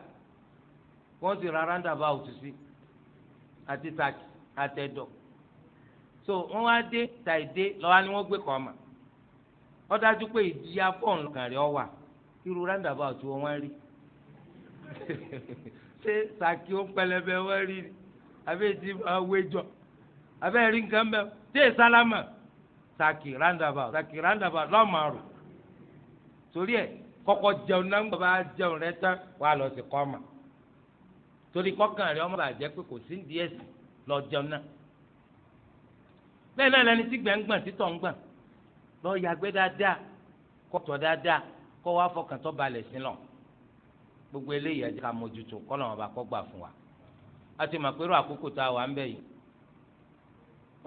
wọn sì rárá ń dàbà òtútù àti tàkì àtẹ̀dọ̀ so wọ́n wá dé tàì dé gbé kọ́ ọmọ dájú pé ìdíyà fọ́ọ̀n kan rẹ̀ ọ irú roundabout tí wọ́n wá rí [LAUGHS] ṣé sàkí ó pẹlẹbẹ wọ́n rí ni àbẹ́ rí nǹkan bẹ́ẹ̀ dé sálámà sàkí roundabout sàkí lọ́mọ̀ọ́rù torí ẹ̀ kọ́kọ́ jẹun náà bá jẹun rẹ tán wàá lọ lọ jẹun bẹ́ẹ̀ náà lẹni tí gbẹ̀ngbọ̀n títọ̀ ń gbọ̀n lọ yàgbẹ́ dáadáa kọ́tọ̀ dáadáa kọ́ wa fọkàn tó balẹ̀ sí lọ gbogbo eléyìí ẹ jẹ́ ká mójútó kọ́nà ọba kọ́ gbà fún wa a ti mọ̀ pé irú àkókò tá a wà ń bẹ̀ yìí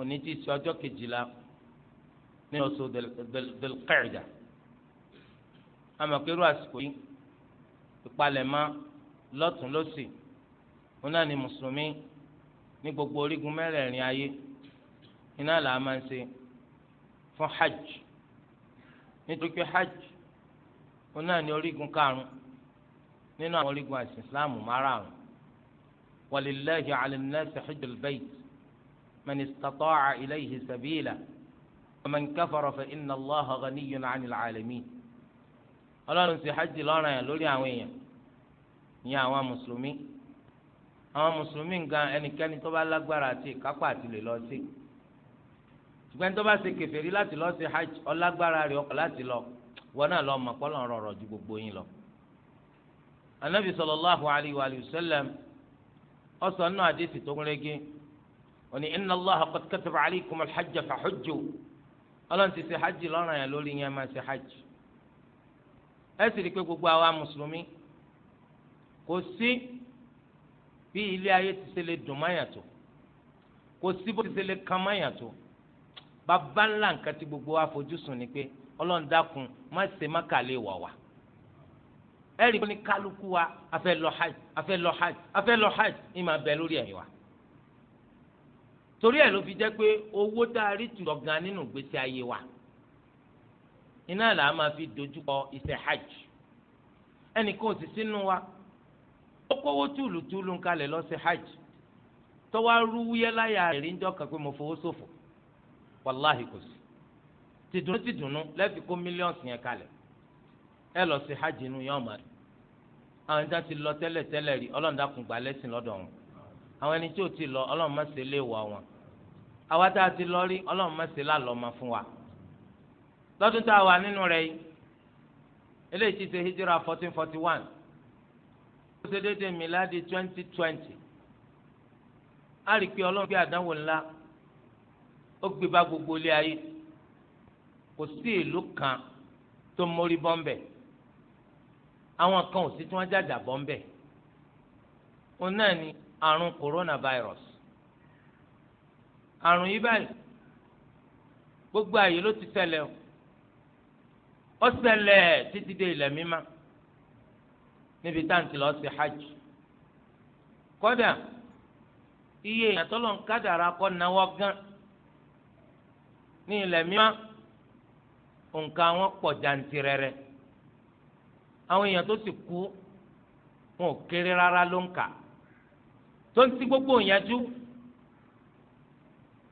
òní ti ṣe ọjọ́ kejìlá nínú oṣù delqẹ́ẹ̀dà a mọ̀ pé irú àsìkò yìí ìpalẹ̀mọ́ lọ́tún lọ́sì òun náà ni mùsùlùmí ní gbogbo orígun mẹ́rẹ̀ẹ̀rin ayé iná là á máa ń ṣe fún hajj nítorí pé hajj òun náà ní orígun karùn nínú àwọn orígun àìsàn islam márààrún walillahi ala nnasi hajjul bayt man istata'a ilayhi sabila wa man kafara fa inna allaha 'anil 'alamin ọlọ́run sì hajj lọ́ràn yẹn lórí àwọn èèyàn ìyẹn àwọn mùsùlùmí àwọn mùsùlùmí gan ẹnikẹ́ni tó bá lágbára àti ìkápá àti lè lọ sí i ṣùgbọ́n tó bá ṣe kèfèrí láti lọ ṣe hajj ọlágbára rẹ̀ ọkọ̀ láti lọ wọn náà lọ mọ̀ pọ́lọ́ rọrọ̀ ju gbogbo yín lọ. anabi sallallahu alayhi wa sallam ọsàn náà àdéhìí tó ń rege òní inna allaha qad kataba alaykum alhajj fahujju ọlọ́run ti ṣe hajj lọ́ràn yẹn lórí yẹn máa ṣe hajj. ẹ sì rí i pé gbogbo àwa mùsùlùmí kò sí bí ilé ayé ti ṣe lè dùn máyà tó kò sí bó ti ṣe lè kan máyà tó bàbá ńlá nǹkan tí gbogbo wa fojú sùn ni pé ọlọ́run dákun má ṣe má kàlẹ́ wà wá wa afẹ́ lọ hajj afẹ́ hajj afẹ́ hajj ima abe bẹ lórí ẹ̀yìn wa torí ẹ̀ ló fi jẹ́ pé owó tá a rí tùtọ̀ gan nínú ayé wa iná là fi dojúkọ iṣẹ́ hajj ẹnìkan ò sì sínú wa ó kówó túlùtúlù ń kalẹ̀ lọ hajj tọ́wá rúwúyẹ́ rẹ̀ kan pé mo fowó wàláhì kò sí tìdùnnú tìdùnnú lẹ́ẹ̀fi kó mílíọ̀nù yẹn kalẹ̀ ẹ lọ sí hajj inú àwọn ẹni ti lọ tẹ́lẹ̀ tẹ́lẹ̀ rí ọlọ́run dákun gbà lẹ́sìn lọ́dọ̀ wọn àwọn ẹni ti lọ ọlọ́run má ṣe wọn àwa ti lọ rí ọlọ́run má ṣe lálọ́ ma fún wa lọ́dún tá a wà nínú rẹ̀ yìí eléyìí ti miladi twenty twenty a rí pé ó gbé bá gbogbo ilé ayé kò sí ìlú kan tó mórí bọ́ńbẹ̀ àwọn kan ò sí tí wọ́n jàjà bọ́ńbẹ̀ òun náà ni àrùn coronavirus àrùn yìí báyìí gbogbo àyè ló ti ṣẹlẹ̀ o ó ṣẹlẹ̀ títí dé ilẹ̀ mímá níbi táǹtì lọ sí hajj kódà iye ìyàtọ̀ lọ́nkádàrà kọ́ náwó gan-an ní ilẹ̀ mímá nǹkan àwọn pọ̀ jantirẹrẹ àwọn èèyàn tó ti kú wọn ò kéré rárá ló ń kà tó ń ti gbogbo ìyànjú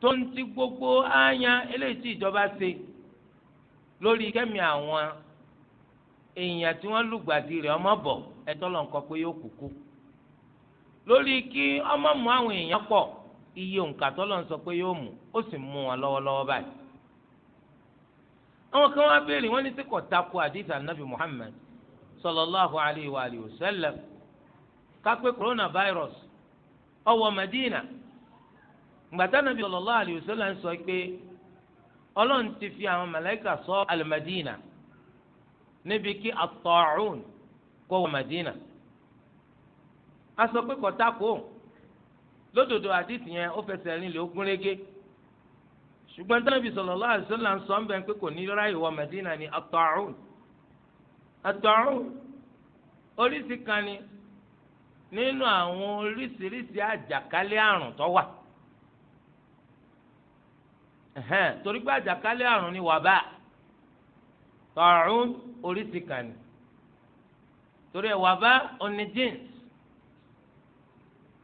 tó ń ti gbogbo ááyán eléyìí tí ìjọba ṣe lórí kẹ́mi àwọn èèyàn tí wọ́n lùgbàdì rẹ̀ ọmọ bọ̀ ẹ̀tọ́ lọ́n kọ́ pé yóò kúkú lórí kí ọmọ mú àwọn èèyàn pọ̀ iye òǹkà tó lọ́n sọ pé yóò mú ó sì mú wọn lọ́wọ́lọ́wọ́ báyìí àwọn kan wá béèrè wọn ní sẹkọ tako àdìsá nàbì Muhammad sallallahu alayhi wa alihi wa sallam kápẹ́ coronavirus ọwọ́ Madina gbàtà nàbì sallallahu alayhi wa sallam sọ pé ọlọ́run ti fi àwọn madina níbi kí Madina a sọ pé lódodo àdìsí yẹn ó ṣùgbọ́n tí Ànábì sallallahu alaihi wasallam ń sọ ń bẹ̀ pé kò ní ráyè wọ Mẹ́dínà ní at-ta'un at-ta'un oríṣi kan ni nínú àwọn oríṣiríṣi àjàkálẹ̀ àrùn tó wà torí pé àjàkálẹ̀ àrùn ni wàbà ta'un oríṣi kan ni torí ẹ̀ wàbà oní jeans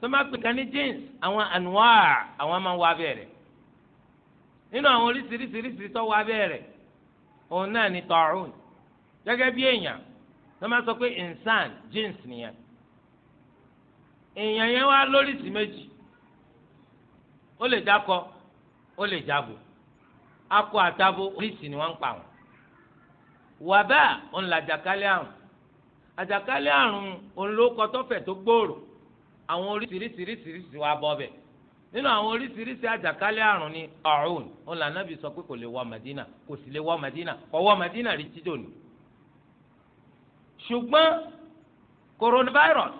tó má pè kan ní jeans àwọn ànúwà àwọn máa ń wá bẹ̀rẹ̀ nínú àwọn oríṣiríṣiríṣi tó wá bẹ́ẹ̀rẹ̀ òun náà ni tọ̀ọ̀rùn gẹ́gẹ́ bí èèyàn wọ́n máa sọ pé insan jeans nìyẹn èèyàn yẹn wá lóríṣi méjì ó lè dákọ ó lè jábò akọ àtabo oríṣi ni wọ́n ń pa wọn wàbá òun là àjàkálẹ̀ àrùn àjàkálẹ̀ àrùn òun ló kọ tọ́fẹ̀ tó gbòòrò àwọn oríṣiríṣiríṣiríṣi wà bọ́ bẹ́ẹ̀ nínú àwọn oríṣiríṣi àjàkálẹ̀ àrùn ni ọ̀hún òun là nàbì sọ pé kò lè wọ Madina kò sì wọ Madina kò wọ Madina rí ṣùgbọ́n coronavirus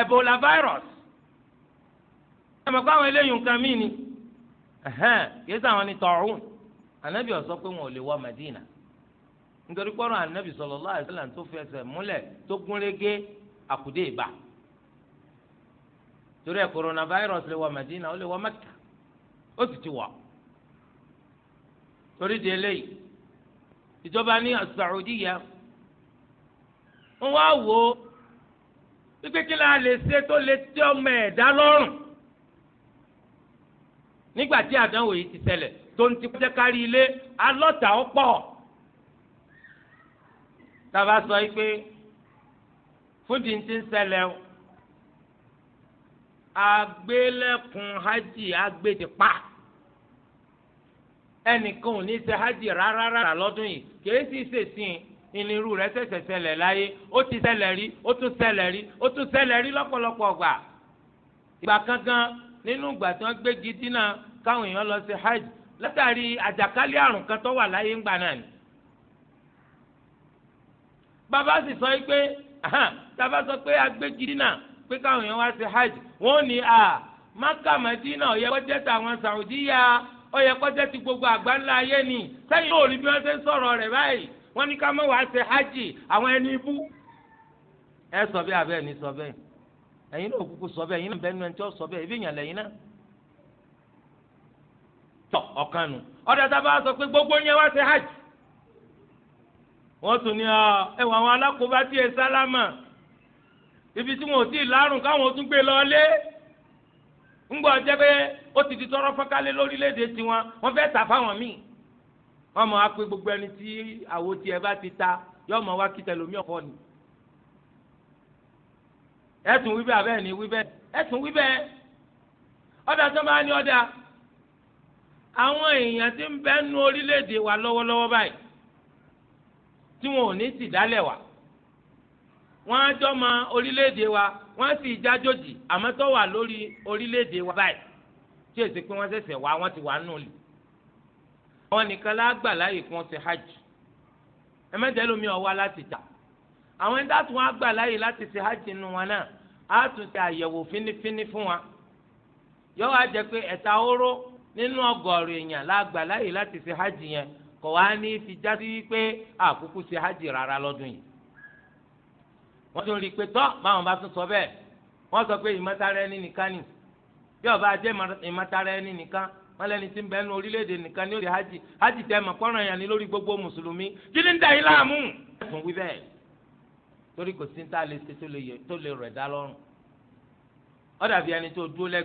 Ebola virus ẹ mọ̀ pé àwọn eléyìí nǹkan míì ni kìí ni tọ̀hún ànábì ó sọ pé wọn ò wọ Madina nítorí pọ́nrọ́ ànábì sallallahu alaihi tó fẹsẹ̀ múlẹ̀ tó gúnrégé àkùdé ìbá torí ẹ coronavirus lè wọ Madina ó lè wọ Mẹ́kà ó sì ti wà torí di eléyìí ìjọba ní Saudiya ń wá wò ó wípé kí la lè ṣe tó lè tí ọmọ ẹ̀dá lọ́rùn nígbà tí àdánwò yìí ti ṣẹlẹ̀ tó ń ti kọjá kárí ilé alọ́ta ó pọ̀ tá a bá sọ yìí pé fúdi ti ń ṣẹlẹ̀ o. agbélẹ̀kùn hajj agbèdìpá ẹnìkan ò ní ṣe hajj rárá rárá lọ́dún yìí kìí sì ṣèṣin ìnirú ó ti ṣẹlẹ̀ rí ó tún ṣẹlẹ̀ rí ó tún ṣẹlẹ̀ rí lọ́pọ̀lọpọ̀ ọgbà ìgbà kankan nínú ìgbà tí wọ́n lọ hajj látàrí àjàkálẹ̀ àrùn kan tó wà láyé ńgbà náà ni. bàbá sì sọ pé tàbá sọ pé pé káwọn èèyàn wá sí hajj wọ́n ní à maka madina ó yẹ kó jẹ́ tàwọn saudiya ó yẹ kó jẹ́ ti gbogbo àgbáńlá ayé ni sẹ́yìn náà rí bí wọ́n ṣe ń sọ̀rọ̀ rẹ̀ báyìí wọ́n ní ká má wá sí hajj àwọn ẹni ibú ẹ sọ bẹ́ẹ̀ abẹ ni sọ bẹ́ẹ̀ ẹ̀yin náà kúkú sọ bẹ́ẹ̀ ẹ̀yin náà bẹ́ẹ̀ nu ẹni tí wọ́n sọ bẹ́ẹ̀ ebi ìyàn lẹ́yìn náà tọ ọ̀kan nu ọdọ tá a bá sọ pé gbogbo yẹn wá sí hajj wọ́n tún ní ẹ wọ àwọn alákòóbá tí ẹ ibi tí wọn ò tí ì lárùn káwọn tún gbé lọ lé ńgbọ́ jẹ́ pé ó ti di tọrọ fọ́nkálé lórílẹ̀‐èdè tiwọn wọ́n fẹ́ tà fáwọn míì wọ́n mọ̀ á pé gbogbo ẹni tí àwo tiẹ̀ bá ti ta yóò mọ̀ wá kí tẹlomi ọ̀fọ́ ni. ẹ̀sùn wíbẹ̀ abẹ́ ni wíbẹ̀ ẹ̀sùn wíbẹ̀ ọ̀dà tó bá ní ọ̀dà àwọn èèyàn tí ń bẹ́ẹ̀ nu orílẹ̀‐èdè wa lọ́wọ́lọ́wọ́ báyìí tí wọn ò ní sì dálẹ̀ wà wọ́n á jọ mọ orílẹ̀-èdè wa wọ́n sì jájòjì àmọ́ tó wà lórí orílẹ̀-èdè wa báyìí tí èsì pé wọ́n ṣẹ̀ṣẹ̀ wá wọ́n ti wà nù lì. àwọn nìkan lágbà láàyè kí wọ́n ṣe hajj ẹ mẹ́tẹ́ lómi ọ̀wá láti jà àwọn ẹni dáàtún wọn àgbà láàyè láti ṣe hajj nù wọn náà á tún ṣe àyẹ̀wò fínífíní fún wọn. yọ wá jẹ́ pé ẹ̀ta oró nínú ọgọ́rùn èèyàn lágbà láàyè láti ṣe hajj yẹn kò wá ní fi já sí pé àkókò ṣe hajj rárá lọ́dún yìí wọ́n tún rí i pé tọ́ báwọn bá tún sọ bẹ́ẹ̀ wọ́n sọ pé ìmọ̀tara ẹni nìkan ni bí ọba ajẹ́ ìmọ̀tara ẹni nìkan wọ́n lẹ́ni tí ń orílẹ̀-èdè nìkan ní orí hajj hajj tẹ́ mọ̀ kọ́ran yàn ní lórí gbogbo mùsùlùmí kí ni ń da yín láàmú. ẹ̀sùn wí bẹ́ẹ̀ torí kò sí a tó lè rẹ̀ dá lọ́rùn dàbí ẹni tó dúró ni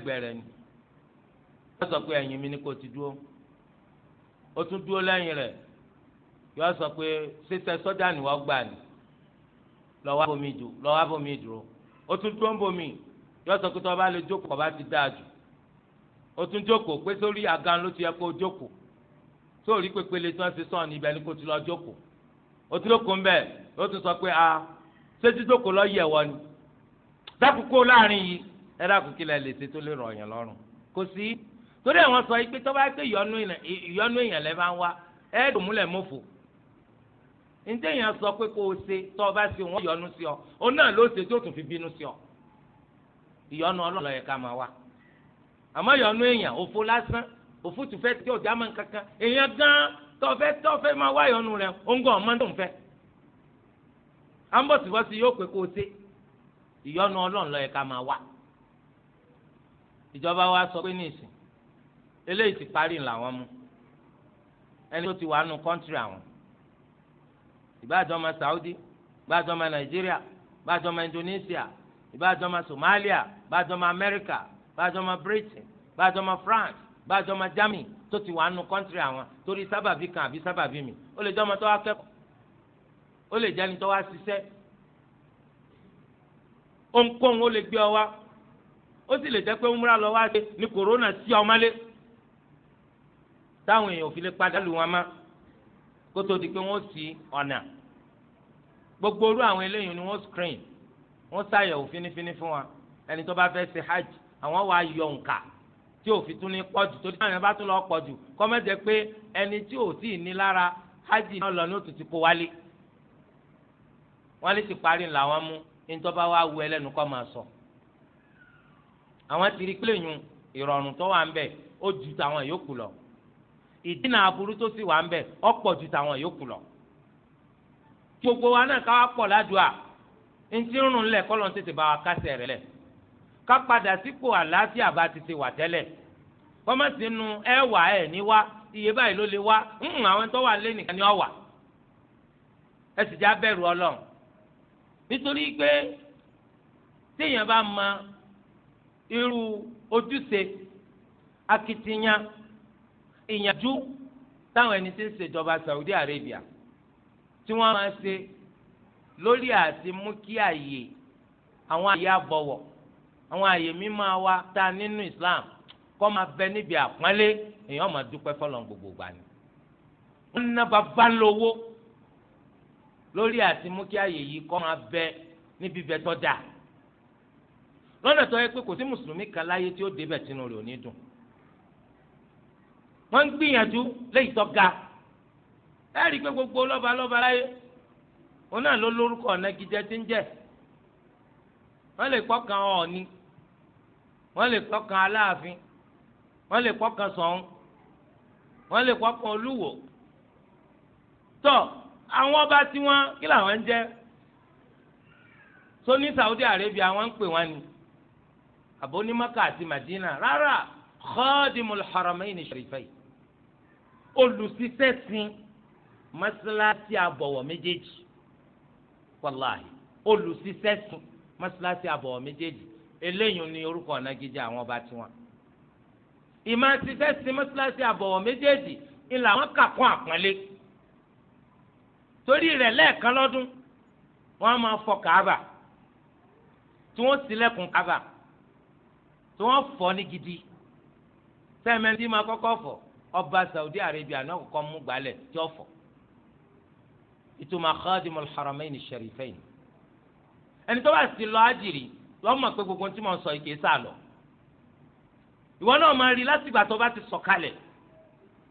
wọ́n sọ pé ẹ̀yìn mi lọ́wọ́ abomi dùn lọ́wọ́ abomi dùrọ̀ ó tún tó bomi yóò sọ pé tó o bá lè jókòó ọba ti dáa jù ó tún jókòó pé sórí àga ló ti yẹ kó o jókòó sórí pépele tí wọ́n ti sọ̀ ní ibẹ̀ ni kó ti lọ jókòó ó tún jókòó ń bẹ̀ tún sọ pé a ṣé jíjókòó lọ yẹ̀ wọ ni dákòókò láàrin yìí ẹ dákòó kí lẹ lè ṣe tó lè rọ̀ yẹn lọ́rùn kò sí torí àwọn sọ yìí pé tó bá yẹ pé ìyọnu èèyàn lẹ́ máa ń wá ẹ̀ẹ́dùnmúlẹ̀ mọ́fò ǹjẹ́ yẹn sọ pé kó o ṣe tó o bá ṣe wọ́n yọ́nú sí ọ òun náà ló ṣe tó tún fi bínú sí ọ ìyọ́nú ọlọ́run yẹ ká máa wá àmọ́ ìyọ́nú èèyàn òfo lásán òfo tún fẹ́ tí ọ̀já máa ń kankan èèyàn gan tó fẹ́ tó fẹ́ máa wá ìyọ́nú rẹ òǹgọ̀ ọ̀mọ́ tó ń fẹ́ à ń bọ̀ síbọ̀ sí yóò pé kó o ṣe ìyọ́nú ọlọ́run yẹ ká máa wá ìjọba wa sọ pé ní ìsìn eléyìí ti parí làwọn mú ẹni tó ti wà nù kọ́ńtìrì ìbáàjọ́ ọmọ Saudi ìbáàjọ́ ọmọ Nàìjíríà ìbáàjọ́ ọmọ Indonesia ìbáàjọ́ ọmọ Somalia ìbáàjọ́ ọmọ America ìbáàjọ́ ọmọ Britain ìbáàjọ́ ọmọ France ìbáàjọ́ ọmọ Germany tó ti wà nù kọ́ńtìrì àwọn torí sábàbí kan àbí sábàbí mi ó lè jẹ́ ọmọ tó wá kẹ́kọ̀ọ́ ó lè jẹ́ ẹni tó wá ṣiṣẹ́ ohunkóhun ó lè gbé ọ wá ó sì lè jẹ́ pé múra lọ wá ṣe ni kòrónà sí ọmọlé táwọn èèyàn ò fi lè padà lù wọn máa kótó di pé wọ́n sì ọ̀nà gbogbo orú àwọn eléyìí ni wọ́n screen wọ́n ṣàyẹ̀wò fínífíní fún wa ẹni tó bá fẹ́ ṣe hajj àwọn wàá yọ nǹka tí òfin tún ní pọ̀jù tó dáhùn ẹ̀ bá tún lọ pọ̀jù kọ́mẹ́jẹ pé ẹni tí ò tí ì ní lára hajj náà lọ ní òtún ti kó wálé wálé ti parí làwọn mú nítorí bá wàá wu ẹlẹ́nu kọ́ máa sọ àwọn ti rí pé ìrọ̀rùn tó wà ń bẹ̀ ó ju tàwọn yòókù lọ ìdínà aburú tó sì wà ń bẹ ọ̀pọ̀ ju tàwọn yòókù lọ kí gbogbo wa náà ká pọ̀ ládùúà ntí rún lẹ̀ kọ́ lọ́n tètè bá wa kásẹ̀ rẹ̀ lẹ̀ ká padà sípò àlàáfíà bá ti ti wà tẹ́lẹ̀ kọ́mọ̀sí nu ẹ wà ní wá iye báyìí ló lè wá ń àwọn tó wà lé nìkan ni ọ wà ẹ sì já bẹ̀rù ọlọ́run nítorí pé téèyàn bá mọ irú ojúṣe ìyànjú táwọn ẹni tí ń ṣèjọba Saudi Arabia tí wọ́n máa ṣe lórí àti mú kí àyè àwọn àyè àbọ̀wọ̀ àwọn àyè mímọ́ wa ta nínú Islam kọ́ máa bẹ níbi àpọ́nlé èèyàn máa dúpẹ́ fọlọ́n gbogbo gbà ni. wọ́n ná bàbá lówó lórí àti mú kí àyè yìí kọ́ máa bẹ níbi bẹ́tọ́ dà lọ́dọ̀ tó yẹ pé kò sí mùsùlùmí kan láyé tí ó débẹ̀ tínú rẹ̀ ò ní dùn wọ́n ń gbìyànjú léyìí tó ga ẹ rí i pé gbogbo lọ́ba lọ́ba láyé òun náà ló lórúkọ ọ̀nàgídẹ tí ń jẹ́ wọ́n lè kọ́kàn ọ̀ọ́ni wọ́n lè kọ́kàn aláàfin wọ́n lè kọ́kàn ṣọ̀ún wọ́n lè kọ́kàn olúwo tọ́ àwọn ọba tí wọ́n kí làwọn ń jẹ́ tó ní Saudi Arabia wọ́n ń pè wọ́n ni àbónímọ́kà àti Madina rárá khadimul haramaini sharifayi olùsíṣẹ́ sin mọ́sálásí àbọ̀wọ̀ méjèèjì wàláhì olùsíṣẹ́ sin mọ́sálásí àbọ̀wọ̀ méjèèjì eléyìí ni orúkọ ọ̀nàgídé àwọn ọba tiwọn. ìmọ̀ àtisẹ́ sin mọ́sálásí àbọ̀wọ̀ méjèèjì ni làwọn kà kún àpọ́nlé torí rẹ̀ lẹ́ẹ̀kan lọ́dún wọ́n máa fọ kàába tí wọ́n ṣílẹ̀kùn kàába tí wọ́n fọ́ ní gidi sẹ́mẹ́ntì máa kọ́kọ́ fọ̀ ọba Saudi Arabia náà kọ́kọ́ mú gbalẹ̀ tí ó fọ̀ ìtumọ̀ khadimul haramaini sharifaini ẹni tó bá sì lọ àjìrì lọ́ọ́ mọ̀ pé gbogbo tí mo sọ ìké sá lọ ìwọ náà máa rí láti ìgbà tó bá ti sọ kalẹ̀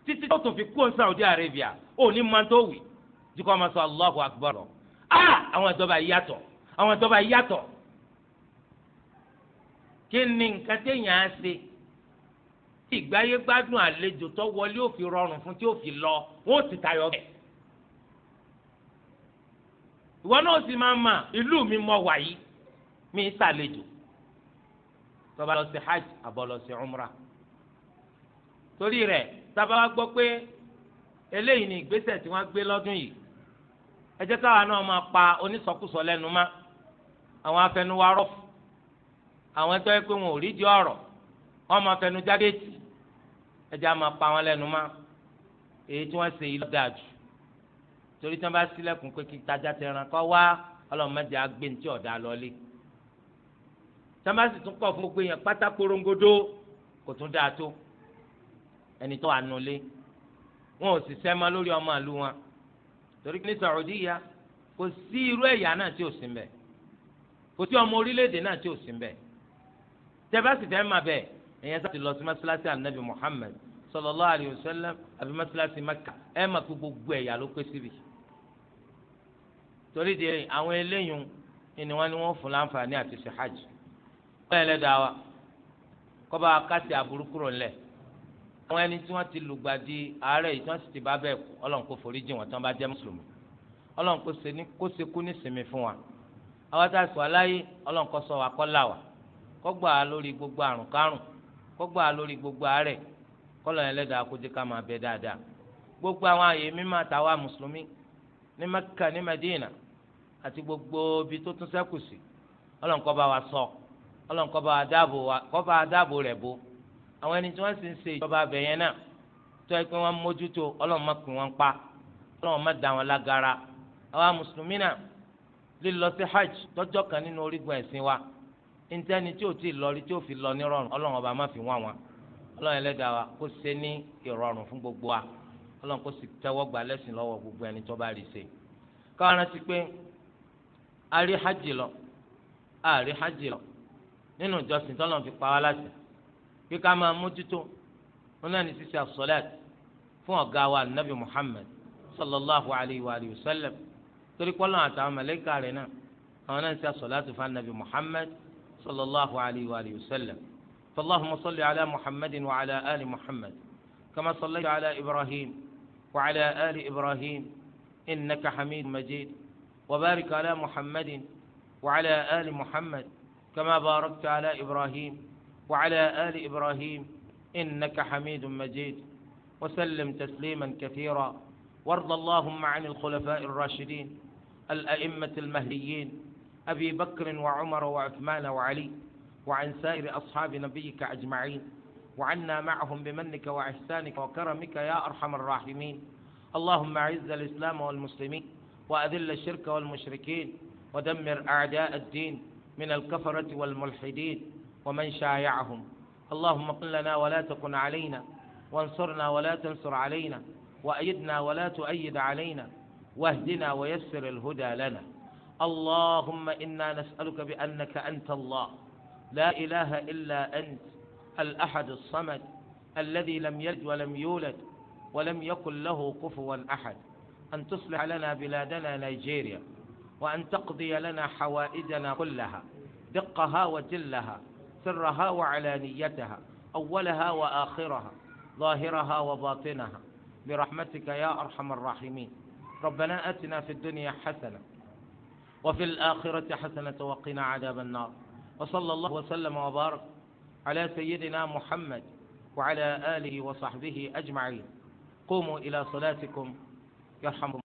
títí tó tún fi kú Saudi Arabia ó ní mọ́tòwì jùkọ́ máa sọ Allahu Akbar lọ ah àwọn ìjọba yàtọ̀ àwọn ìjọba yàtọ̀ kí ni nǹkan téèyàn á ṣe tí ìgbáyé gbádùn àlejò tó wọlé ó fi rọrùn fún tí ó fi lọ wọn ó sì tayọ bẹ́ẹ̀. ìwọ náà sì máa ma ìlú mi mọ wàyí mi ṣàlejò tó bá lọ sí hajj àbọ̀ lọ sí umrah torí rẹ̀ tá bá wá gbọ́ pé eléyìí ni ìgbésẹ̀ tí wọ́n gbé lọ́dún yìí ẹ jẹ́ káwa náà máa pa onísọkúsọ lẹ́nu mọ́ àwọn afẹnuwarọ́fù àwọn tó pé wọn ò rí di wọn máa fẹnu jáde tì ẹjẹ á máa pa wọn lẹ́nu má èyí tí wọn ṣe yìí lọ dáa jù torí tí wọn bá ṣílẹ̀kùn pé kí tajà tẹran kọ wá ọlọmọdé agbẹntì ọdà lọlé tí wọn bá sì tún kọ fún gbogbo yẹn pátá korongodo kò tún dáa tó ẹni tó ànulé wọn ò sì sẹ́mọ́ lórí ọmọ àlú wọn torí ní Saudiya kò sí irú ẹ̀yà náà tí ò sí mbẹ̀ kò sí ọmọ orílẹ̀ náà tí ò sí mbẹ̀ tẹ́ bá sì fẹ́ máa bẹ́ẹ̀ ìyẹn sábà ti lọ sí mọ́sálásí anabi muhammed sallallahu alayhi wa sallam àbí mọ́sálásí maka ẹ má fi gbogbo ẹ̀yà ló pé síbi. torí di àwọn eléyìí ni wọ́n ní wọ́n fún láǹfààní àti ṣe hajj. wọ́n yẹn lẹ́dàá wa kọ́ba akásí àbúrúkúrò ńlẹ̀ àwọn ẹni tí wọ́n ti lùgbàdì àárẹ̀ yìí tí wọ́n sì ti bá bẹ́ẹ̀ kú ọlọ́run forí jìn wọ́n tí wọ́n bá jẹ́ mùsùlùmí ọlọ́run kó ní kó ṣe kú ní sinmi fún wa àwọn sọ aláyé ọlọ́run kó wa kó là wa kó gbà á lórí gbogbo àrùn kárùn-ún kọgbà lori gbogbo a kọlọ yẹn lẹdọ akójú ká máa bẹ dáadáa gbogbo àwọn àyè mímọ́ àtàwọn mùsùlùmí ní Mẹ́kà ní àti gbogbo ibi tó tún ṣẹ́kù sí Ọlọ́run wa ṣọ́ Ọlọ́run kó wa dáàbò wa wa bo. àwọn ẹni tí sì ń ìjọba abẹ yẹn náà tó pé mójútó wọn pa má da wọn lágara àwa mùsùlùmí náà hajj tọjọ kan nínú orígun ntẹni tí o ti lọrí tí o fi lọ nírọ̀rùn Ọlọ́run ọba má fi wọn wọn Ọlọ́run Ẹlẹ́dàá wa kó ṣe ní ìrọ̀rùn fún gbogbo wa Ọlọ́run kó sì tẹ́wọ́ gbà lẹ́sìn lọ́wọ́ gbogbo ẹni tó bá rí ṣe káwọn rántí pé a rí hajj lọ a rí hajj lọ nínú ìjọsìn tọ́lọ́run fi pa wá láti bí ká máa mójútó wọn náà ní sísè àsọlẹ́t fún ọ̀gá wa nabi Muhammad sallallahu alayhi wa sallam torí pé Ọlọ́run àtàwọn màláíkà rẹ̀ náà àwọn náà ń ṣe àsọlẹ́t fún anabi Muhammad. صلى الله عليه وآله وسلم فاللهم صل على محمد وعلى آل محمد كما صليت على إبراهيم وعلى آل إبراهيم إنك حميد مجيد وبارك على محمد وعلى آل محمد كما باركت على إبراهيم وعلى آل إبراهيم إنك حميد مجيد وسلم تسليما كثيرا وارض اللهم عن الخلفاء الراشدين الأئمة المهديين أبي بكر وعمر وعثمان وعلي وعن سائر أصحاب نبيك أجمعين وعنا معهم بمنك وإحسانك وكرمك يا أرحم الراحمين اللهم أعز الإسلام والمسلمين وأذل الشرك والمشركين ودمر أعداء الدين من الكفرة والملحدين ومن شايعهم اللهم قل لنا ولا تكن علينا وانصرنا ولا تنصر علينا وأيدنا ولا تؤيد علينا واهدنا ويسر الهدى لنا اللهم انا نسالك بانك انت الله لا اله الا انت الاحد الصمد الذي لم يلد ولم يولد ولم يكن له كفوا احد ان تصلح لنا بلادنا نيجيريا وان تقضي لنا حوائجنا كلها دقها وجلها سرها وعلانيتها اولها واخرها ظاهرها وباطنها برحمتك يا ارحم الراحمين ربنا اتنا في الدنيا حسنه وفي الآخرة حسنة وقنا عذاب النار وصلى الله وسلم وبارك على سيدنا محمد وعلى آله وصحبه أجمعين قوموا إلى صلاتكم يرحمكم